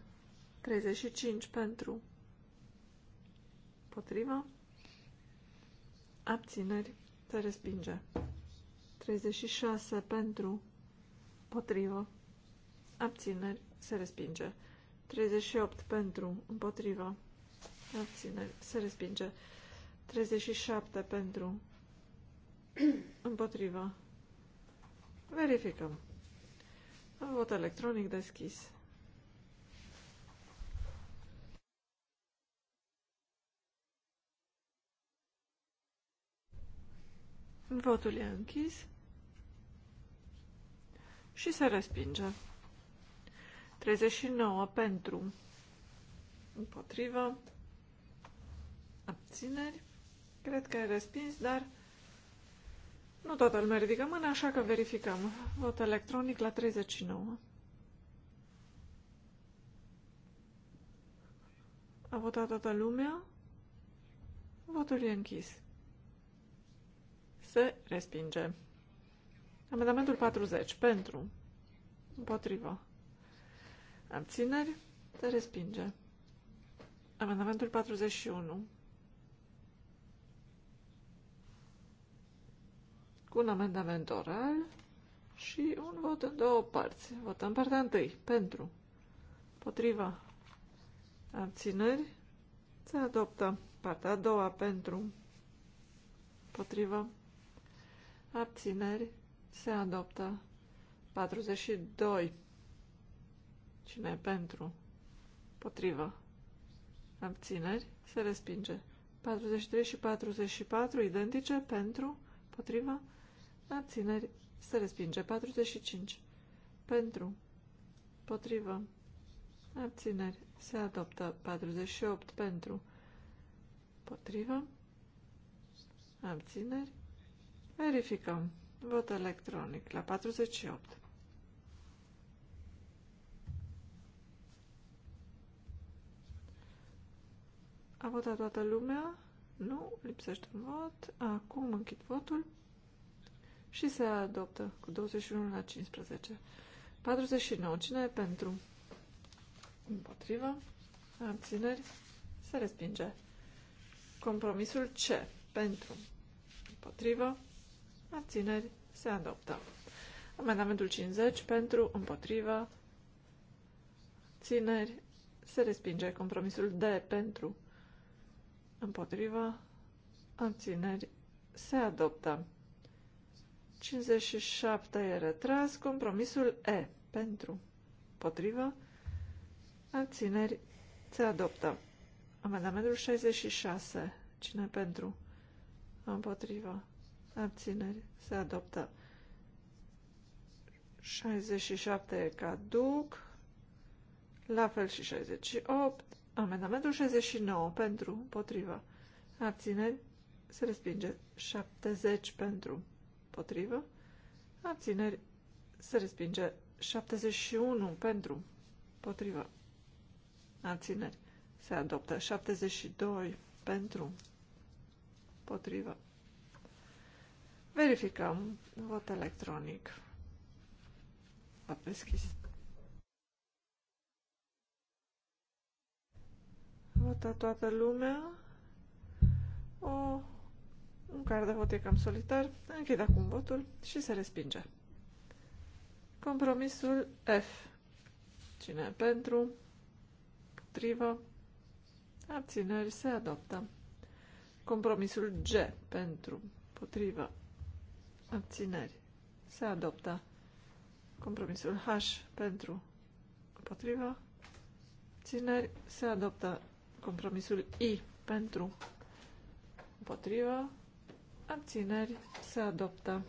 35 pentru. Împotrivă. Abțineri. Se respinge. 36 pentru. Împotrivă. Abțineri. Se respinge. 38 pentru. Împotrivă. Abțineri. Se respinge. 37 pentru. Împotrivă. Verificăm. Vot electronic deschis. Votul e închis și se respinge. 39 pentru, împotrivă, abțineri. Cred că e respins, dar nu toată lumea ridică mâna, așa că verificăm. Vot electronic la 39. A votat toată lumea. Votul e închis. Se respinge. Amendamentul 40. Pentru. Împotrivă. Abțineri. Se respinge. Amendamentul 41. Cu un amendament oral și un vot în două părți. Votăm partea întâi. Pentru. Împotrivă. Abțineri. Se adoptă. Partea a doua. Pentru. potrivă abțineri, se adoptă. 42. Cine pentru? Potrivă. Abțineri, se respinge. 43 și 44 identice, pentru, potrivă, abțineri, se respinge. 45. Pentru, potrivă, abțineri, se adoptă. 48 pentru, potrivă, abțineri, Verificăm. Vot electronic la 48. A votat toată lumea? Nu, lipsește un vot. Acum închid votul și se adoptă cu 21 la 15. 49. Cine e pentru? Împotrivă. Abțineri. Se respinge. Compromisul C. Pentru. Împotrivă abțineri, se adoptă. Amendamentul 50 pentru, împotrivă, țineri, se respinge. Compromisul D pentru, împotrivă, abțineri, se adoptă. 57 e retras, compromisul E pentru, împotrivă, abțineri, se adoptă. Amendamentul 66, cine pentru, împotrivă, abțineri, se adoptă. 67 caduc, la fel și 68, amendamentul 69 pentru, împotrivă, abțineri, se respinge. 70 pentru, împotrivă, abțineri, se respinge. 71 pentru, împotrivă, abțineri, se adoptă. 72 pentru, împotrivă, Verificăm. Vot electronic. Vot deschis. Vota toată lumea. O, un card de vot e cam solitar. Închid acum votul și se respinge. Compromisul F. Cine e pentru? Potrivă? Abțineri se adoptă. Compromisul G. Pentru? Potrivă? abțineri, se adoptă. Compromisul H pentru împotrivă. abțineri, se adoptă. Compromisul I pentru împotrivă. abțineri, se adoptă.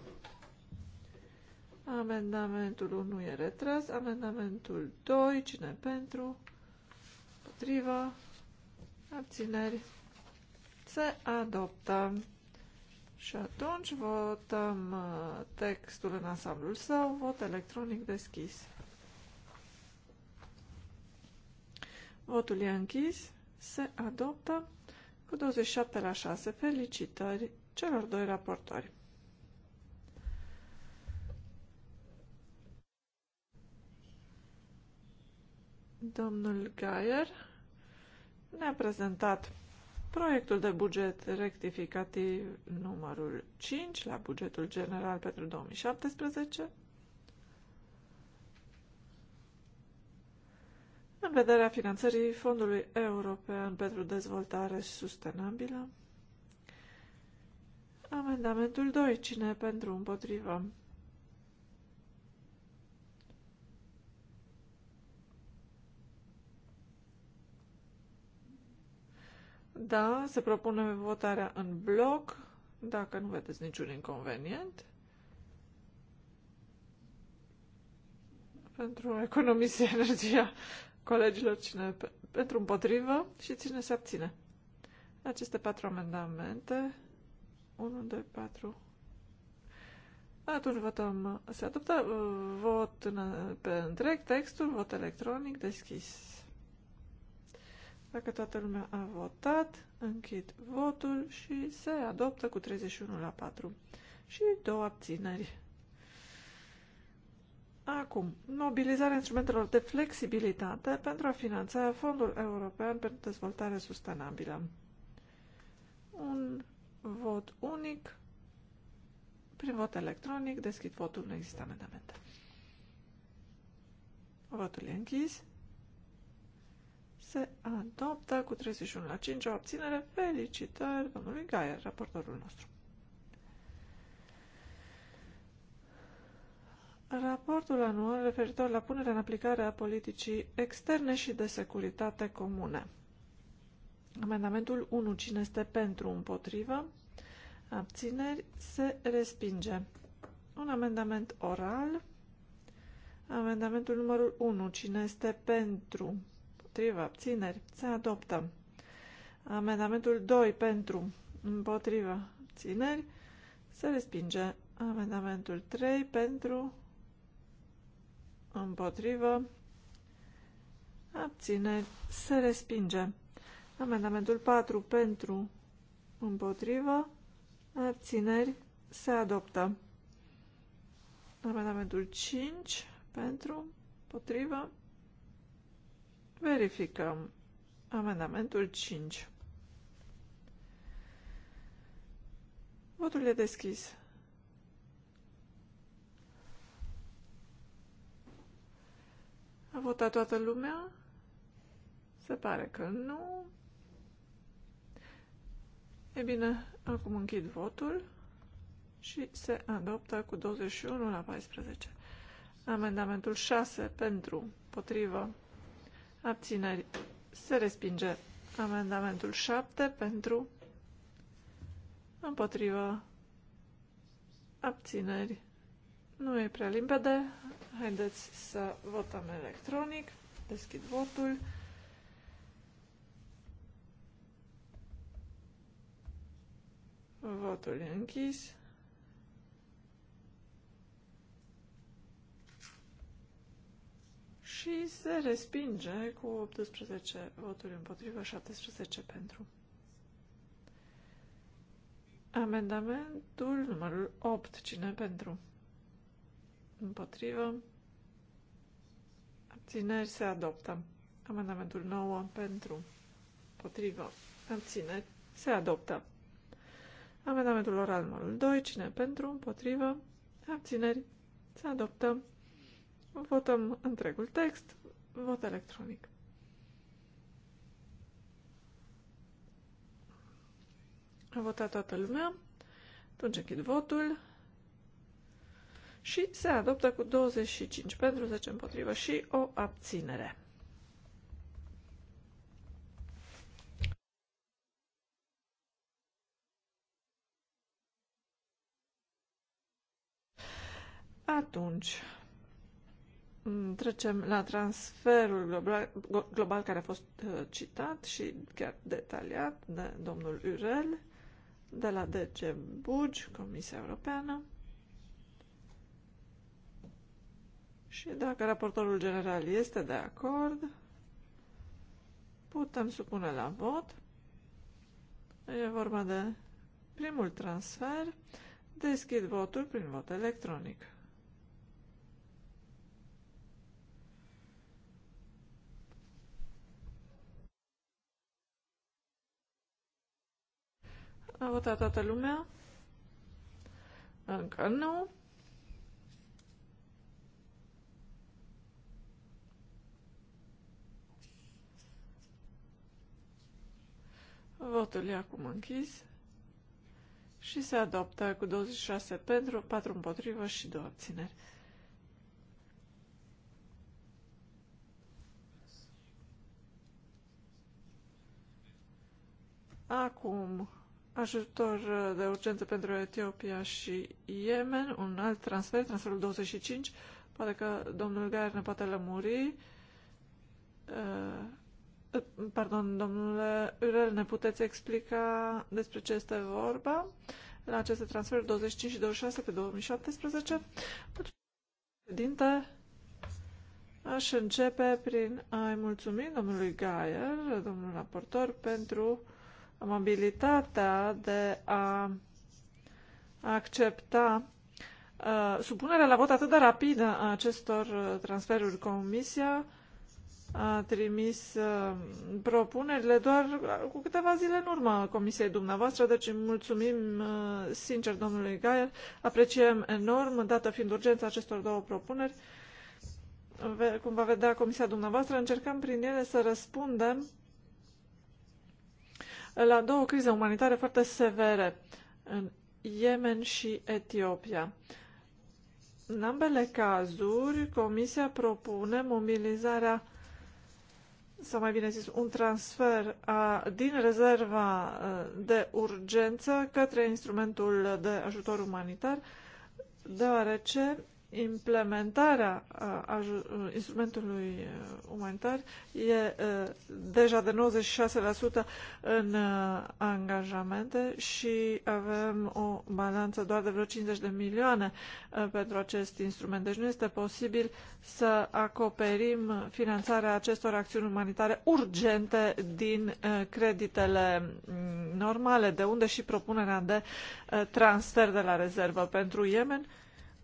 Amendamentul 1 e retras. Amendamentul 2, cine pentru? Potrivă. Abțineri. Se adoptă. Și atunci votăm uh, textul în ansamblul său, vot electronic deschis. Votul e închis, se adoptă cu 27 la 6. Felicitări celor doi raportori. Domnul Gaier ne-a prezentat Proiectul de buget rectificativ numărul 5 la bugetul general pentru 2017 în vederea finanțării Fondului European pentru Dezvoltare Sustenabilă. Amendamentul 2. Cine pentru împotriva? Da, se propune votarea în bloc, dacă nu vedeți niciun inconvenient. Pentru a economisi *laughs* energia colegilor cine pentru împotrivă și cine se abține. Aceste patru amendamente, 1, 2, 4, atunci votăm, se adoptă uh, vot în, pe întreg textul, vot electronic deschis. Dacă toată lumea a votat, închid votul și se adoptă cu 31 la 4 și două abțineri. Acum, mobilizarea instrumentelor de flexibilitate pentru a finanța Fondul European pentru Dezvoltare Sustenabilă. Un vot unic prin vot electronic. Deschid votul, nu există amendamente. Votul e închis se adoptă cu 31 la 5 o abținere. Felicitări domnului Gaier, raportorul nostru. Raportul anual referitor la punerea în aplicare a politicii externe și de securitate comune. Amendamentul 1. Cine este pentru împotrivă? Abțineri se respinge. Un amendament oral. Amendamentul numărul 1. Cine este pentru împotrivă, abțineri, se adoptă. Amendamentul 2 pentru, împotrivă, abțineri, se respinge. Amendamentul 3 pentru, împotrivă, abțineri, se respinge. Amendamentul 4 pentru, împotrivă, abțineri, se adoptă. Amendamentul 5 pentru, împotrivă, Verificăm amendamentul 5. Votul e deschis. A votat toată lumea? Se pare că nu. E bine, acum închid votul și se adoptă cu 21 la 14. Amendamentul 6 pentru, potrivă, abțineri, se respinge. Amendamentul 7 pentru, împotrivă, abțineri. Nu e prea limpede. Haideți să votăm electronic. Deschid votul. Votul e închis. și se respinge cu 18 voturi împotriva, 17 pentru. Amendamentul numărul 8. Cine pentru? Împotrivă. Abțineri se adoptă. Amendamentul 9 pentru. Împotrivă. Abțineri se adoptă. Amendamentul oral numărul 2. Cine pentru? Împotrivă. Abțineri se adoptă. Votăm întregul text. Vot electronic. A votat toată lumea. Atunci închid votul. Și se adoptă cu 25 pentru 10 împotrivă și o abținere. Atunci, Mm, trecem la transferul global, global care a fost uh, citat și chiar detaliat de domnul Urel de la DG Bugi, Comisia Europeană. Și dacă raportorul general este de acord, putem supune la vot. E vorba de primul transfer. Deschid votul prin vot electronic. A votat toată lumea? Încă nu. Votul e acum închis și se adoptă cu 26 pentru, 4 împotrivă și 2 abțineri. Acum ajutor uh, de urgență pentru Etiopia și Yemen, un alt transfer, transferul 25, poate că domnul Gair ne poate lămuri. Uh, uh, pardon, domnule Urel, ne puteți explica despre ce este vorba la aceste transferuri 25 și 26 pe 2017? Președinte, aș începe prin a-i mulțumi domnului Gaier, domnul raportor, pentru uh, amabilitatea de a accepta uh, supunerea la vot atât de rapidă a acestor uh, transferuri. Comisia a trimis uh, propunerile doar cu câteva zile în urmă Comisiei dumneavoastră, deci mulțumim uh, sincer domnului Gaier, apreciem enorm, dată fiind urgența acestor două propuneri. Cum va vedea Comisia dumneavoastră, încercăm prin ele să răspundem la două crize umanitare foarte severe în Yemen și Etiopia. În ambele cazuri, Comisia propune mobilizarea sau mai bine zis, un transfer a, din rezerva de urgență către instrumentul de ajutor umanitar, deoarece implementarea a, instrumentului uh, umanitar e uh, deja de 96% în uh, angajamente și avem o balanță doar de vreo 50 de milioane pentru acest instrument. Deci nu este posibil să acoperim finanțarea acestor acțiuni umanitare urgente din creditele mm, normale, de unde și propunerea de transfer de la rezervă pentru Yemen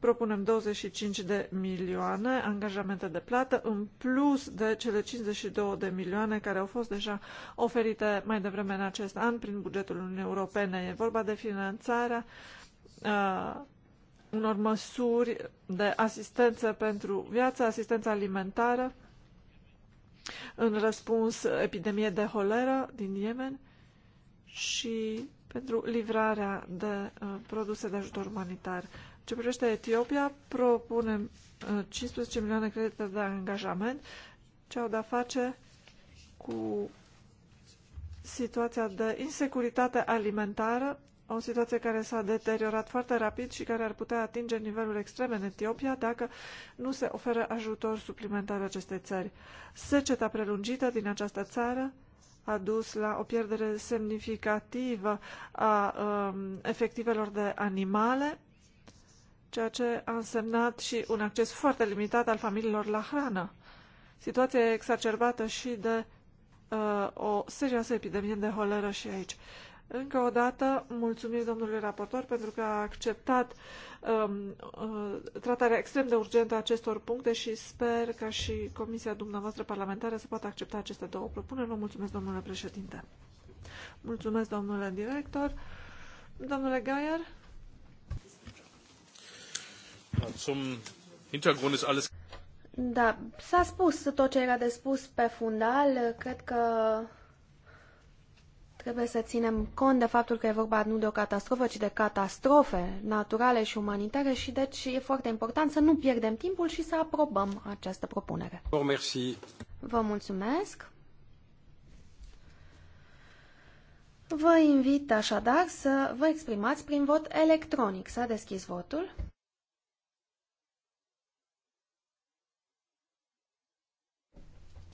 propunem 25 de milioane angajamente de plată în plus de cele 52 de milioane care au fost deja oferite mai devreme în acest an prin bugetul Uniunii Europene. E vorba de finanțarea uh, unor măsuri de asistență pentru viață, asistență alimentară în răspuns epidemiei de holeră din Yemen și pentru livrarea de uh, produse de ajutor umanitar ce privește Etiopia, propunem 15 uh, milioane credite de angajament ce au de-a face cu situația de insecuritate alimentară, o situație care s-a deteriorat foarte rapid și care ar putea atinge nivelul extrem în Etiopia dacă nu se oferă ajutor suplimentar acestei țări. Seceta prelungită din această țară a dus la o pierdere semnificativă a um, efectivelor de animale ceea ce a însemnat și un acces foarte limitat al familiilor la hrană. Situația exacerbată și de uh, o serioasă epidemie de holeră și aici. Încă o dată, mulțumim domnului raportor pentru că a acceptat um, uh, tratarea extrem de urgentă a acestor puncte și sper ca și Comisia dumneavoastră parlamentară să poată accepta aceste două propuneri. Vă mulțumesc, domnule președinte. Mulțumesc, domnule director. Domnule Gaier, Zum Hintergrund ist alles. Da, s-a spus tot ce era de spus pe fundal. Cred că trebuie să ținem cont de faptul că e vorba nu de o catastrofă, ci de catastrofe naturale și umanitare și deci e foarte important să nu pierdem timpul și să aprobăm această propunere. Vă mulțumesc. Vă invit așadar să vă exprimați prin vot electronic. S-a deschis votul.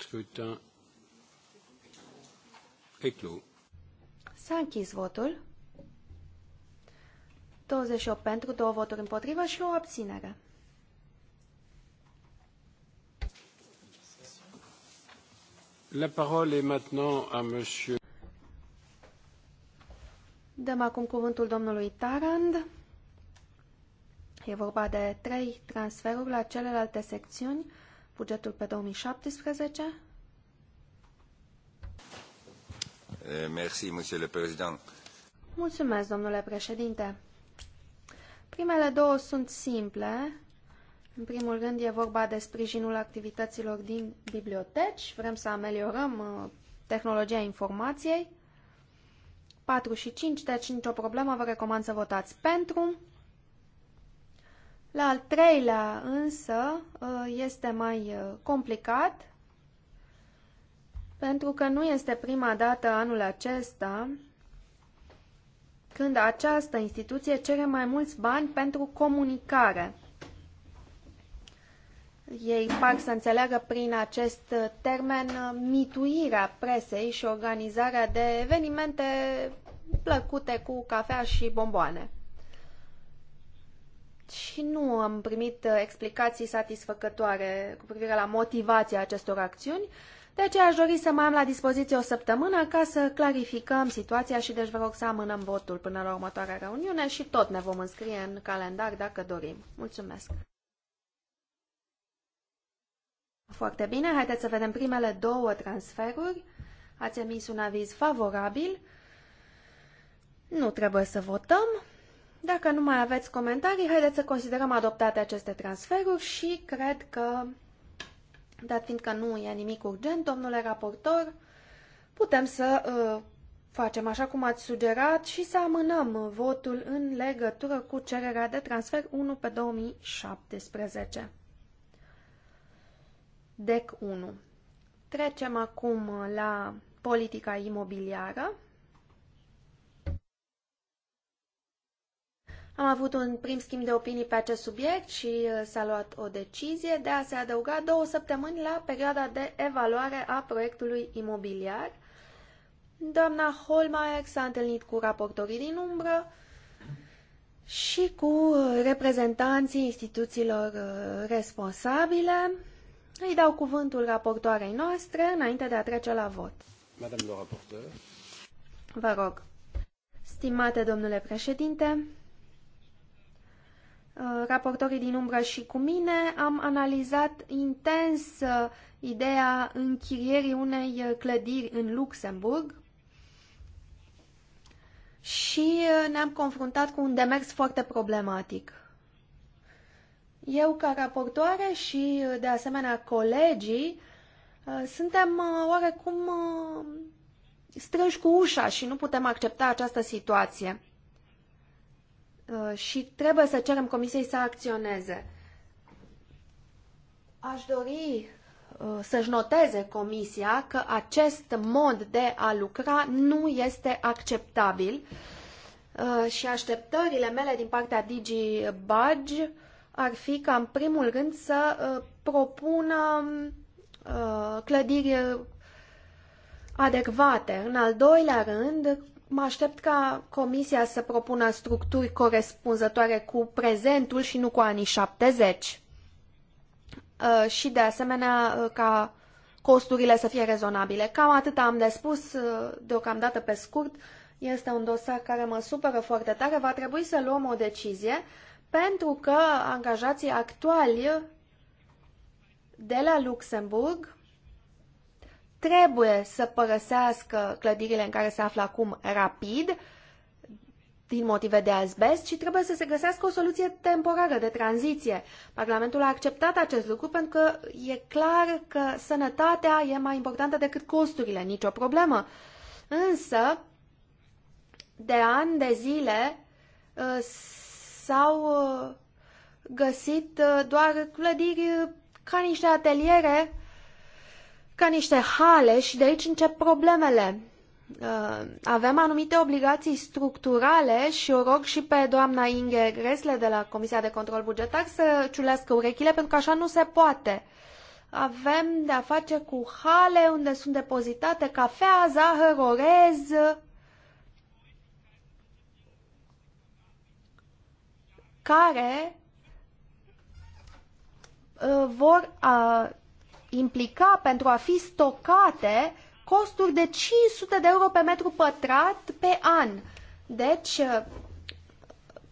Scrutin e clos. s 28 pentru, 2 voturi împotrivă și o abținere. La parole est maintenant à monsieur... Dăm acum cuvântul domnului Tarand. E vorba de trei transferuri la celelalte secțiuni bugetul pe 2017? Eh, merci, monsieur le président. Mulțumesc, domnule președinte. Primele două sunt simple. În primul rând e vorba de sprijinul activităților din biblioteci. Vrem să ameliorăm uh, tehnologia informației. 4 și 5, deci nicio problemă, vă recomand să votați pentru. La al treilea însă ă, este mai ă, complicat pentru că nu este prima dată anul acesta când această instituție cere mai mulți bani pentru comunicare. Ei par să înțeleagă prin acest termen ă, mituirea presei și organizarea de evenimente plăcute cu cafea și bomboane și nu am primit uh, explicații satisfăcătoare cu privire la motivația acestor acțiuni, de aceea aș dori să mai am la dispoziție o săptămână ca să clarificăm situația și deci vă rog să amânăm votul până la următoarea reuniune și tot ne vom înscrie în calendar dacă dorim. Mulțumesc! Foarte bine, haideți să vedem primele două transferuri. Ați emis un aviz favorabil. Nu trebuie să votăm. Dacă nu mai aveți comentarii, haideți să considerăm adoptate aceste transferuri și cred că, dat fiindcă nu e nimic urgent, domnule raportor, putem să uh, facem așa cum ați sugerat și să amânăm votul în legătură cu cererea de transfer 1 pe 2017. DEC 1. Trecem acum la politica imobiliară. Am avut un prim schimb de opinii pe acest subiect și uh, s-a luat o decizie de a se adăuga două săptămâni la perioada de evaluare a proiectului imobiliar. Doamna Holmaier s-a întâlnit cu raportorii din umbră și cu uh, reprezentanții instituțiilor uh, responsabile. Îi dau cuvântul raportoarei noastre înainte de a trece la vot. Madame le raporteur. Vă rog. Stimate domnule președinte, Uh, raportorii din umbră și cu mine, am analizat intens uh, ideea închirierii unei uh, clădiri în Luxemburg și ne-am confruntat cu un demers foarte problematic. Eu, ca raportoare și, de asemenea, colegii, suntem oarecum strânși cu ușa și nu putem accepta această situație. Uh, și trebuie să cerem Comisiei să acționeze. Aș dori uh, să-și noteze Comisia că acest mod de a lucra nu este acceptabil uh, și așteptările mele din partea Digi ar fi ca în primul rând să propună clădiri adecvate. În al doilea rând, Mă aștept ca Comisia să propună structuri corespunzătoare cu prezentul și nu cu anii 70 uh, și de asemenea uh, ca costurile să fie rezonabile. Cam atât am de spus uh, deocamdată pe scurt. Este un dosar care mă supără foarte tare. Va trebui să luăm o decizie pentru că angajații actuali de la Luxemburg trebuie să părăsească clădirile în care se află acum rapid, din motive de azbest și trebuie să se găsească o soluție temporară de tranziție. Parlamentul a acceptat acest lucru pentru că e clar că sănătatea e mai importantă decât costurile, nicio problemă. Însă, de ani de zile uh, s-au uh, găsit uh, doar clădiri ca niște ateliere ca niște hale și de aici încep problemele. Uh, avem anumite obligații structurale și o rog și pe doamna Inge Gresle de la Comisia de Control Bugetar să ciulească urechile pentru că așa nu se poate. Avem de-a face cu hale unde sunt depozitate cafea, zahăr, orez, care uh, vor a, uh, implica pentru a fi stocate costuri de 500 de euro pe metru pătrat pe an. Deci, uh,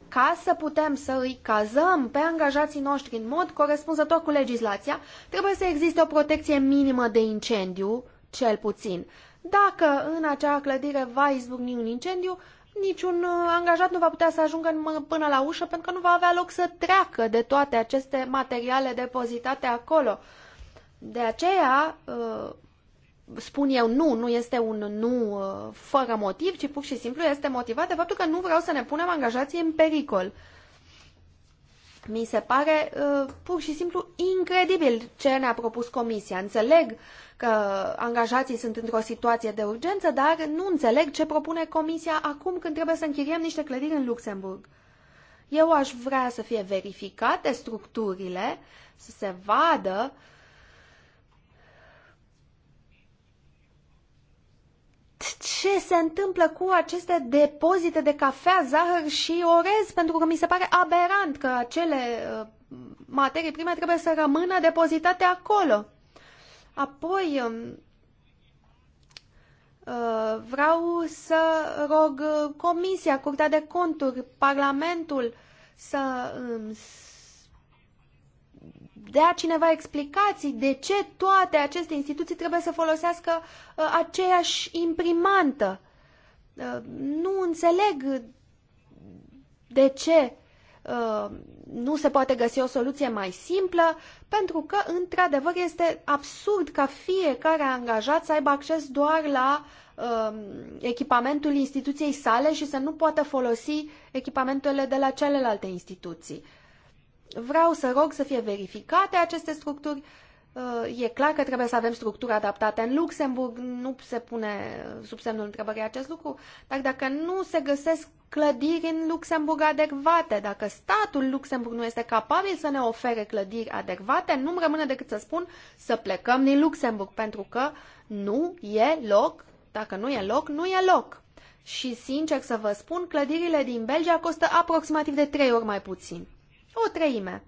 ca să putem să îi cazăm pe angajații noștri în mod corespunzător cu legislația, trebuie să existe o protecție minimă de incendiu, cel puțin. Dacă în acea clădire va izbucni un incendiu, niciun uh, angajat nu va putea să ajungă până la ușă pentru că nu va avea loc să treacă de toate aceste materiale depozitate acolo. De aceea, uh, spun eu nu, nu este un nu uh, fără motiv, ci pur și simplu este motivat de faptul că nu vreau să ne punem angajații în pericol. Mi se pare uh, pur și simplu incredibil ce ne-a propus Comisia. Înțeleg că angajații sunt într-o situație de urgență, dar nu înțeleg ce propune Comisia acum când trebuie să închiriem niște clădiri în Luxemburg. Eu aș vrea să fie verificate structurile, să se vadă uh, ce se întâmplă cu aceste depozite de cafea, zahăr și orez, pentru că mi se pare aberant că acele uh, materii prime trebuie să rămână depozitate acolo. Apoi, um, uh, vreau să rog uh, Comisia, Curtea de Conturi, Parlamentul să um, dea cineva explicații de ce toate aceste instituții trebuie să folosească uh, aceeași imprimantă. Uh, nu înțeleg de ce uh, nu se poate găsi o soluție mai simplă, pentru că, într-adevăr, este absurd ca fiecare angajat să aibă acces doar la um, echipamentul instituției sale și să nu poată folosi echipamentele de la celelalte instituții. Vreau să rog să fie verificate aceste structuri. Uh, e clar că trebuie să avem structuri adaptate în Luxemburg, nu se pune sub semnul întrebării acest lucru, dar dacă nu se găsesc clădiri în Luxemburg adecvate, dacă statul Luxemburg nu este capabil să ne ofere clădiri adecvate, nu-mi rămâne decât să spun să plecăm din Luxemburg, pentru că nu e loc, dacă nu e loc, nu e loc. Și sincer să vă spun, clădirile din Belgia costă aproximativ de trei ori mai puțin. O treime.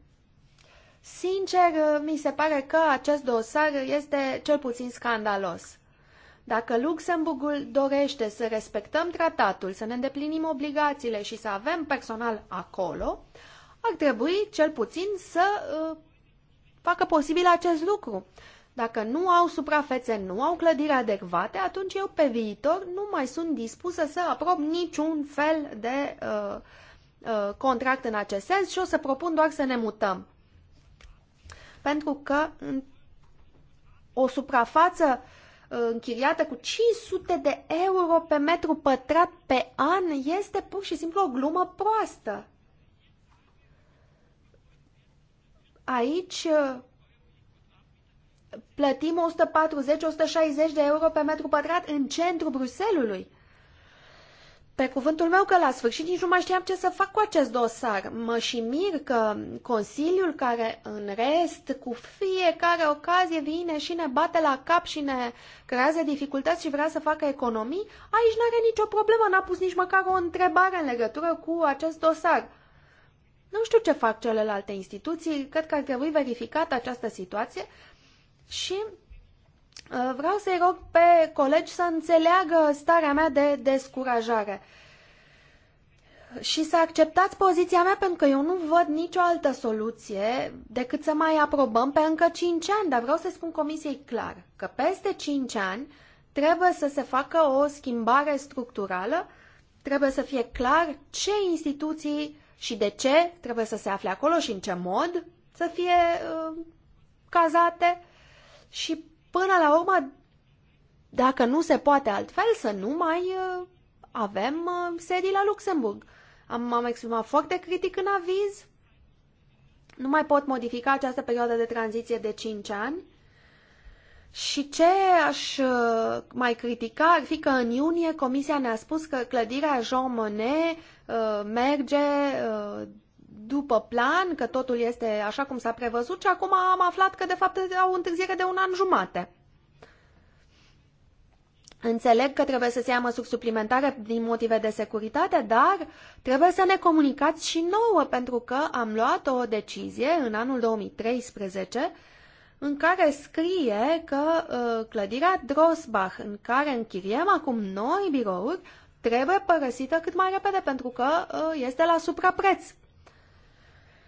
Sincer, mi se pare că acest dosar este cel puțin scandalos. Dacă Luxemburgul dorește să respectăm tratatul, să ne îndeplinim obligațiile și să avem personal acolo, ar trebui cel puțin să uh, facă posibil acest lucru. Dacă nu au suprafețe, nu au clădiri adecvate, atunci eu pe viitor nu mai sunt dispusă să aprob niciun fel de uh, Uh, contract în acest sens și o să propun doar să ne mutăm. Pentru că o suprafață uh, închiriată cu 500 de euro pe metru pătrat pe an este pur și simplu o glumă proastă. Aici uh, plătim 140-160 de euro pe metru pătrat în centrul Bruselului pe cuvântul meu că la sfârșit nici nu mai știam ce să fac cu acest dosar. Mă și mir că Consiliul, care în rest, cu fiecare ocazie vine și ne bate la cap și ne creează dificultăți și vrea să facă economii, aici nu are nicio problemă, n-a pus nici măcar o întrebare în legătură cu acest dosar. Nu știu ce fac celelalte instituții, cred că ar trebui verificată această situație și Uh, vreau să-i rog pe colegi să înțeleagă starea mea de descurajare și să acceptați poziția mea pentru că eu nu văd nicio altă soluție decât să mai aprobăm pe încă 5 ani, dar vreau să spun comisiei clar că peste 5 ani trebuie să se facă o schimbare structurală, trebuie să fie clar ce instituții și de ce trebuie să se afle acolo și în ce mod să fie uh, cazate și până la urmă, dacă nu se poate altfel, să nu mai uh, avem uh, sedii la Luxemburg. Am, m-am exprimat foarte critic în aviz. Nu mai pot modifica această perioadă de tranziție de 5 ani. Și ce aș uh, mai critica ar fi că în iunie Comisia ne-a spus că clădirea Jean Monnet uh, merge uh, după plan, că totul este așa cum s-a prevăzut și acum am aflat că de fapt au întârziere de un an jumate. Înțeleg că trebuie să se ia măsuri suplimentare din motive de securitate, dar trebuie să ne comunicați și nouă, pentru că am luat o decizie în anul 2013 în care scrie că uh, clădirea Drosbach, în care închiriem acum noi birouri, trebuie părăsită cât mai repede, pentru că uh, este la suprapreț.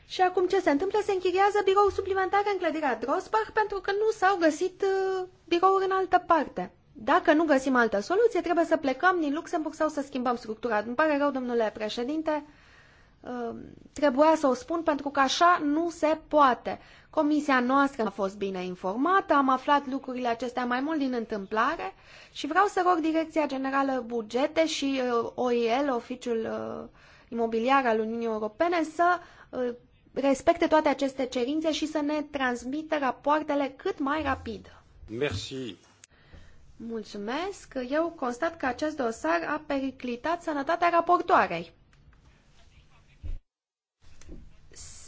Și acum ce se întâmplă? Se închiriază birou suplimentar în clădirea Drospar pentru că nu s-au găsit uh, birouri în altă parte. Dacă nu găsim altă soluție, trebuie să plecăm din Luxemburg sau să schimbăm structura. Îmi pare rău, domnule președinte, uh, trebuia să o spun pentru că așa nu se poate. Comisia noastră a fost bine informată, am aflat lucrurile acestea mai mult din întâmplare și vreau să rog Direcția Generală Bugete și uh, OIL, Oficiul Imobiliar al Uniunii Europene, să respecte toate aceste cerințe și să ne transmită rapoartele cât mai rapid. Merci. Mulțumesc. Eu constat că acest dosar a periclitat sănătatea raportoarei.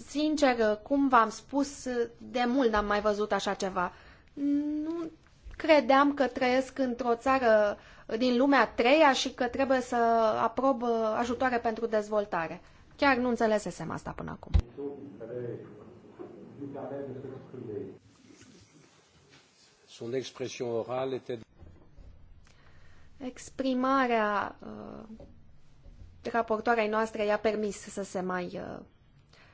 Sincer, cum v-am spus, de mult n-am mai văzut așa ceva. Nu credeam că trăiesc într-o țară din lumea a treia și că trebuie să aprob ajutoare pentru dezvoltare. Chiar nu înțelesesem asta până acum. Son expression orale était... Exprimarea uh, raportoarei noastre i-a permis să se mai uh,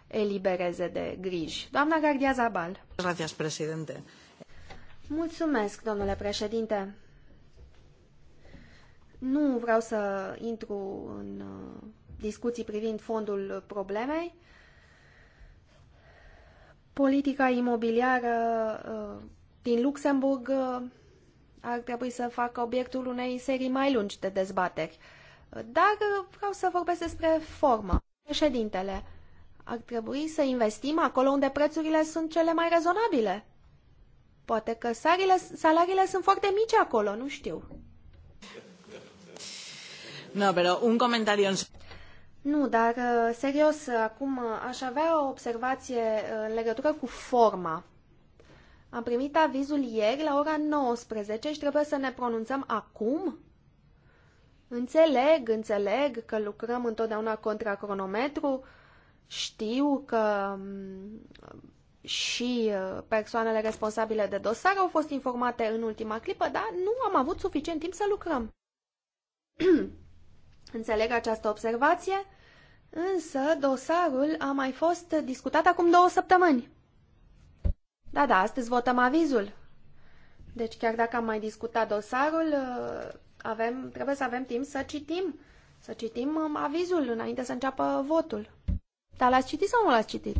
elibereze de griji. Doamna Gardia Zabal. Gracias, președinte. Mulțumesc, domnule președinte. Nu vreau să intru în uh, discuții privind fondul problemei. Politica imobiliară uh, din Luxemburg uh, ar trebui să facă obiectul unei serii mai lungi de dezbateri. Dar uh, vreau să vorbesc despre formă. Președintele, ar trebui să investim acolo unde prețurile sunt cele mai rezonabile. Poate că salariile, salariile sunt foarte mici acolo, nu știu. No, pero un comentariu. Nu, dar uh, serios, uh, acum uh, aș avea o observație în legătură cu forma. Am primit avizul ieri la ora 19 și trebuie să ne pronunțăm acum? Înțeleg, înțeleg că lucrăm întotdeauna contra cronometru. Știu că mm, și persoanele responsabile de dosar au fost informate în ultima clipă, dar nu am avut suficient timp să lucrăm. *clears throat* Înțeleg această observație, însă dosarul a mai fost discutat acum două săptămâni. Da, da, astăzi votăm avizul. Deci chiar dacă am mai discutat dosarul, avem, trebuie să avem timp să citim. Să citim um, avizul înainte să înceapă votul. Dar l-ați citit sau nu l-ați citit?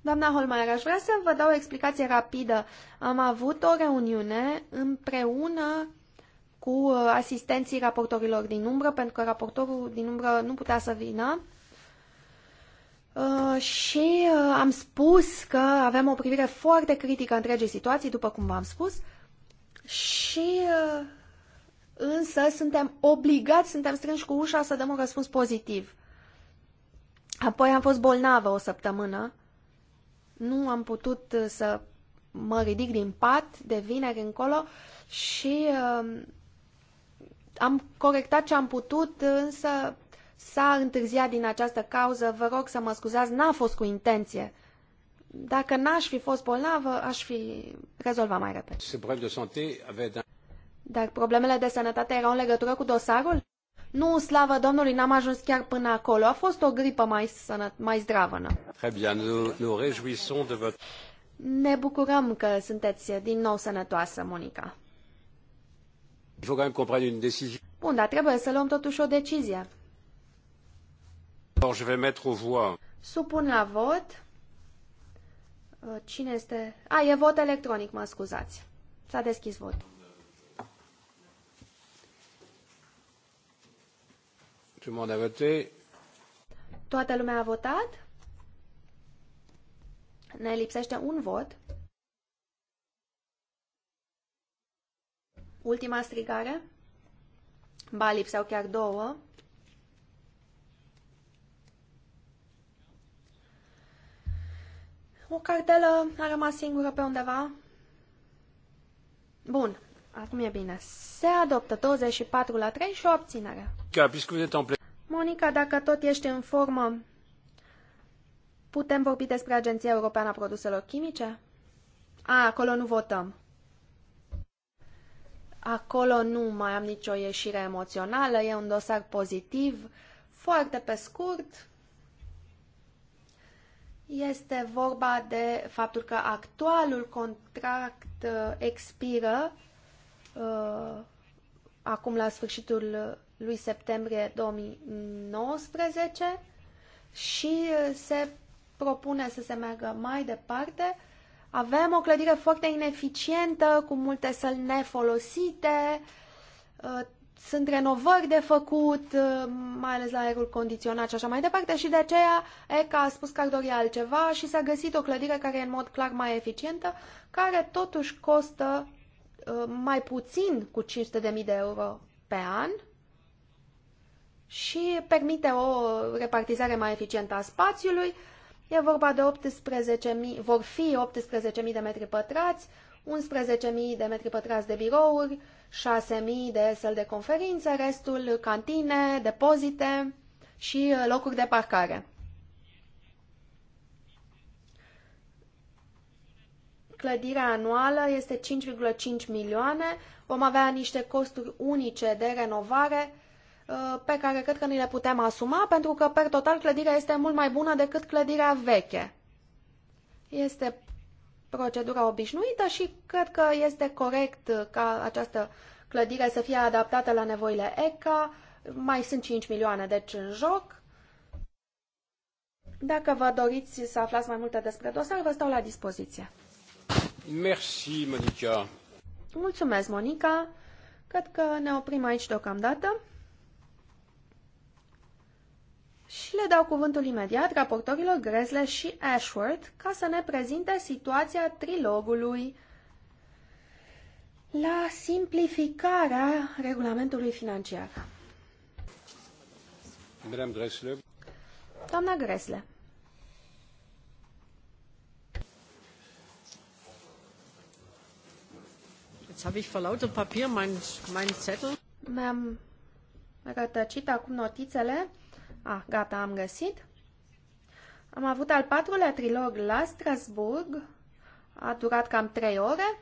Doamna Holmaier, aș vrea să vă dau o explicație rapidă. Am avut o reuniune împreună cu uh, asistenții raportorilor din umbră, pentru că raportorul din umbră nu putea să vină. Uh, și uh, am spus că avem o privire foarte critică întregii situații, după cum v-am spus, și însă suntem obligați, suntem strânși cu ușa să dăm un răspuns pozitiv. Apoi am fost bolnavă o săptămână, nu am putut să mă ridic din pat de vineri încolo și uh, am corectat ce am putut, însă s-a întârziat din această cauză. Vă rog să mă scuzați, n-a fost cu intenție. Dacă n-aș fi fost bolnavă, aș fi rezolvat mai repede. Dar problemele de sănătate erau în legătură cu dosarul? Nu, slavă Domnului, n-am ajuns chiar până acolo. A fost o gripă mai, sănă, mai zdravănă. Ne bucurăm că sunteți din nou sănătoasă, Monica. Bun, dar trebuie să luăm totuși o decizie. Alors, je vais mettre au voix. Supun la vot. Uh, cine este? A, e vot electronic, mă scuzați. S-a deschis votul. Tout le monde a voté. Toată lumea a votat? Ne lipsește un vot. Ultima strigare. Ba, lipseau chiar două. O cartelă a rămas singură pe undeva. Bun, acum e bine. Se adoptă 24 la 3 și o abținere. Monica, dacă tot ești în formă, putem vorbi despre Agenția Europeană a Produselor Chimice? A, acolo nu votăm. Acolo nu mai am nicio ieșire emoțională, e un dosar pozitiv, foarte pe scurt. Este vorba de faptul că actualul contract uh, expiră uh, acum la sfârșitul lui septembrie 2019 și se propune să se meargă mai departe avem o clădire foarte ineficientă, cu multe săli nefolosite, uh, sunt renovări de făcut, uh, mai ales la aerul condiționat și așa mai departe și de aceea ECA a spus că ar dori altceva și s-a găsit o clădire care e în mod clar mai eficientă, care totuși costă uh, mai puțin cu 500.000 de euro pe an și permite o repartizare mai eficientă a spațiului E vorba de 18.000, vor fi 18.000 de metri pătrați, 11.000 de metri pătrați de birouri, 6.000 de săli de conferințe, restul cantine, depozite și uh, locuri de parcare. Clădirea anuală este 5,5 milioane, vom avea niște costuri unice de renovare Uh, pe care cred că ni le putem asuma, pentru că, per total, clădirea este mult mai bună decât clădirea veche. Este procedura obișnuită și cred că este corect ca această clădire să fie adaptată la nevoile ECA. Mai sunt 5 milioane, deci, în joc. Dacă vă doriți să aflați mai multe despre dosar, vă stau la dispoziție. Merci, Monica. Mulțumesc, Monica. Cred că ne oprim aici deocamdată și le dau cuvântul imediat raportorilor Gresle și Ashworth ca să ne prezinte situația trilogului la simplificarea regulamentului financiar. Madame Gressle. Doamna Gresle. Jetzt habe ich vor lauter Papier mein Zettel. Mi-am rătăcit acum notițele. Ah, gata, am găsit. Am avut al patrulea trilog la Strasburg. A durat cam trei ore.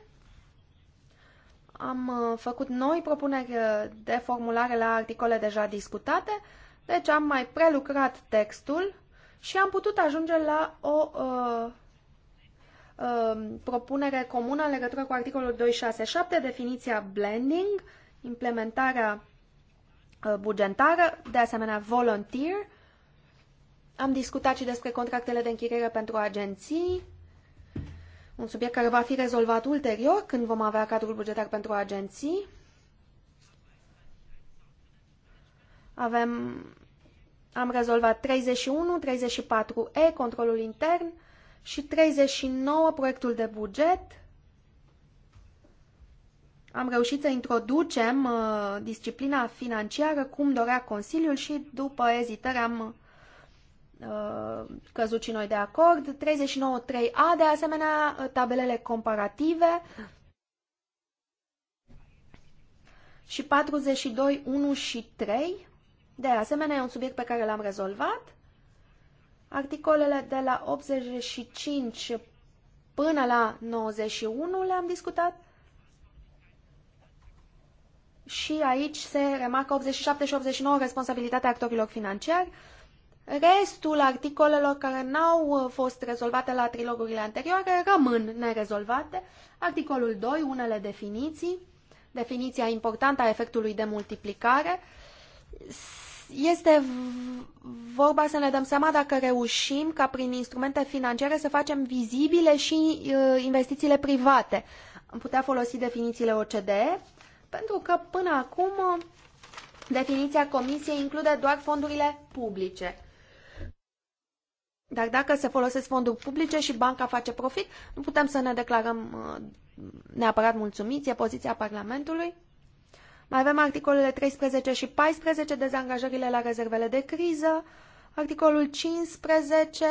Am uh, făcut noi propuneri uh, de formulare la articole deja discutate, deci am mai prelucrat textul și am putut ajunge la o uh, uh, propunere comună în legătură cu articolul 267, definiția blending, implementarea Uh, bugetară, de asemenea volunteer. Am discutat și despre contractele de închiriere pentru agenții, un subiect care va fi rezolvat ulterior când vom avea cadrul bugetar pentru agenții. Avem, am rezolvat 31, 34E, controlul intern și 39, proiectul de buget. Am reușit să introducem uh, disciplina financiară cum dorea Consiliul și după ezitări am uh, căzut și noi de acord. 39.3a, de asemenea, uh, tabelele comparative și 421 și 3. De asemenea, e un subiect pe care l-am rezolvat. Articolele de la 85 până la 91 le-am discutat și aici se remarcă 87 și 89 responsabilitatea actorilor financiari. Restul articolelor care n-au uh, fost rezolvate la trilogurile anterioare rămân nerezolvate. Articolul 2, unele definiții, definiția importantă a efectului de multiplicare. Este vorba să ne dăm seama dacă reușim ca prin instrumente financiare să facem vizibile și uh, investițiile private. Am putea folosi definițiile OCDE pentru că până acum definiția comisiei include doar fondurile publice. Dar dacă se folosesc fonduri publice și banca face profit, nu putem să ne declarăm uh, neapărat mulțumiți, e poziția Parlamentului. Mai avem articolele 13 și 14, dezangajările la rezervele de criză, articolul 15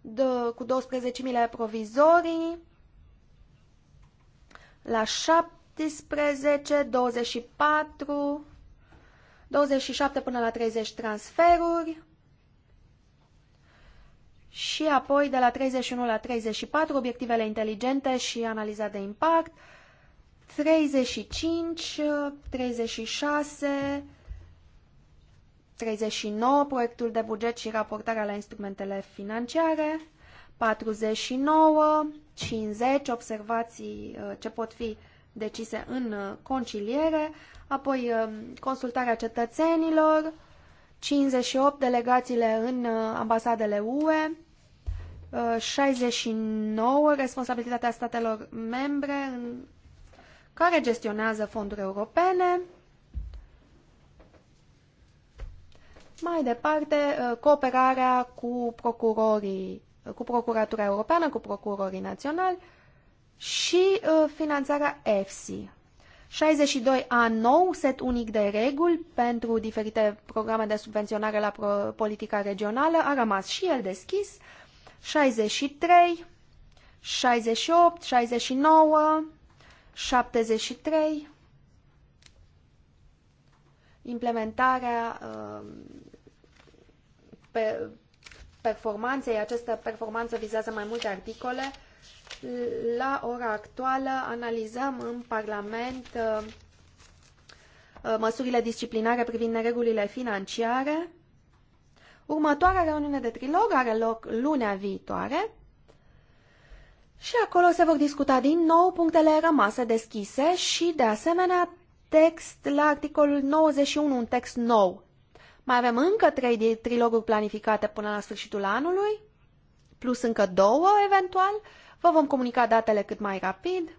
de, cu 12.000 provizorii, la 7 17, 24, 27 până la 30 transferuri și apoi de la 31 la 34 obiectivele inteligente și analiza de impact, 35, 36, 39 proiectul de buget și raportarea la instrumentele financiare, 49, 50 observații uh, ce pot fi decise în uh, conciliere, apoi uh, consultarea cetățenilor, 58 delegațiile în uh, ambasadele UE, 69 responsabilitatea statelor membre în, care gestionează fonduri europene. Mai departe, cooperarea cu procurorii, cu Procuratura Europeană, cu procurorii naționali, și uh, finanțarea EFSI. 62A nou, set unic de reguli pentru diferite programe de subvenționare la politica regională, a rămas și el deschis. 63, 68, 69, 73, implementarea uh, pe performanței, această performanță vizează mai multe articole, la ora actuală analizăm în Parlament uh, uh, măsurile disciplinare privind neregulile financiare. Următoarea reuniune de trilog are loc lunea viitoare și acolo se vor discuta din nou punctele rămase deschise și, de asemenea, text la articolul 91, un text nou. Mai avem încă trei triloguri planificate până la sfârșitul anului, plus încă două, eventual, Vă vom comunica datele cât mai rapid.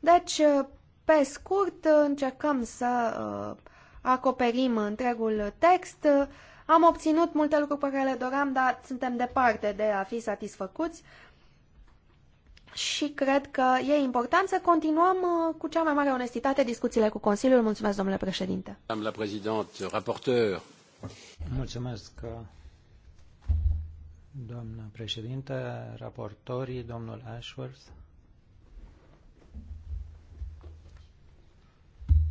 Deci, uh, pe scurt, uh, încercăm să uh, acoperim întregul text. Am obținut multe lucruri pe care le doream, dar suntem departe de a fi satisfăcuți și cred că e important să continuăm cu cea mai mare onestitate discuțiile cu Consiliul. Mulțumesc, domnule președinte. președinte, Mulțumesc, Doamnă președintă, raportorii, domnul Ashworth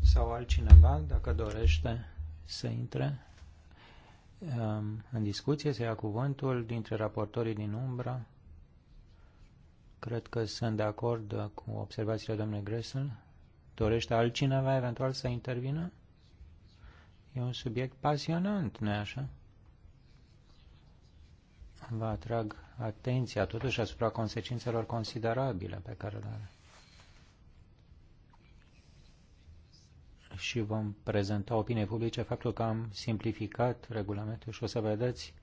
sau altcineva, dacă dorește să intre um, în discuție, să ia cuvântul dintre raportorii din umbră. Cred că sunt de acord cu observațiile domnului Gressel. Dorește altcineva eventual să intervină? E un subiect pasionant, nu-i așa? vă atrag atenția totuși asupra consecințelor considerabile pe care le are. Și vom prezenta opiniei publice faptul că am simplificat regulamentul și o să vedeți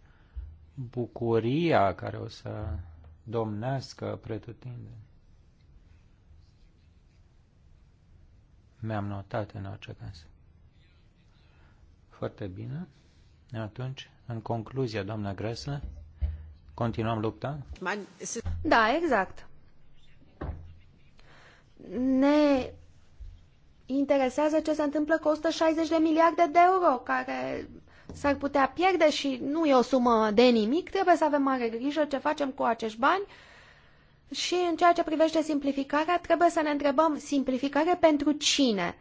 bucuria care o să domnească pretutinde. Mi-am notat în orice caz. Foarte bine. Atunci, în concluzie, doamna Gresle, continuăm lupta? Da, exact. Ne interesează ce se întâmplă cu 160 de miliarde de euro care s-ar putea pierde și nu e o sumă de nimic, trebuie să avem mare grijă ce facem cu acești bani și în ceea ce privește simplificarea, trebuie să ne întrebăm simplificare pentru cine?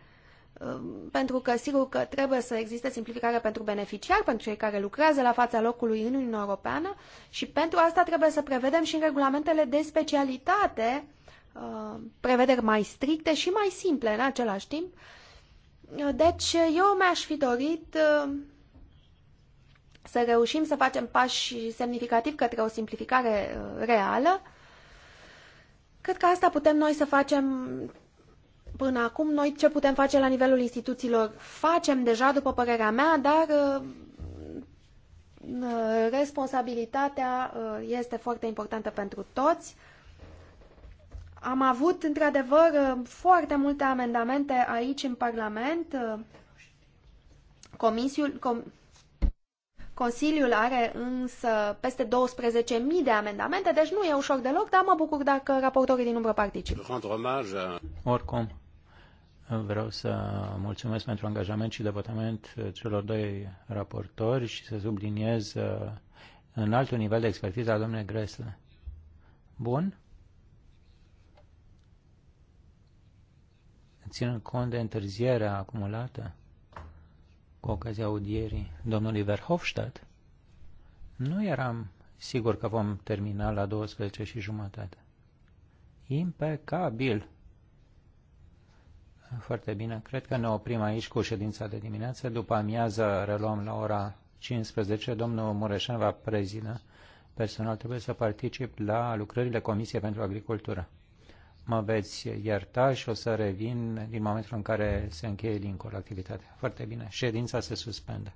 Ehm, pentru că sigur că trebuie să existe simplificare pentru beneficiari, pentru cei care lucrează la fața locului în Uniunea Europeană și pentru asta trebuie să prevedem și în regulamentele de specialitate ehm, prevederi mai stricte și mai simple în același timp. Deci eu mi-aș fi dorit ehm, să reușim să facem pași semnificativ către o simplificare reală. Cred că asta putem noi să facem până acum. Noi ce putem face la nivelul instituțiilor facem deja, după părerea mea, dar uh, uh, responsabilitatea uh, este foarte importantă pentru toți. Am avut, într-adevăr, foarte multe amendamente aici în Parlament. Comisiul, com, Consiliul are însă peste 12.000 de amendamente, deci nu e ușor deloc, dar mă bucur dacă raportorii din umbră participă. Oricum, Vreau să mulțumesc pentru angajament și devotament celor doi raportori și să subliniez uh, în altul nivel de expertiză a domnului Gresle. Bun? În cont de întârzierea acumulată cu ocazia audierii domnului Verhofstadt, nu eram sigur că vom termina la 12 și jumătate. Impecabil! Foarte bine. Cred că ne oprim aici cu ședința de dimineață. După amiază reluăm la ora 15. Domnul Mureșan va prezina. Personal trebuie să particip la lucrările Comisiei pentru Agricultură. Mă veți ierta și o să revin din momentul în care se încheie din activitatea. Foarte bine. Ședința se suspendă.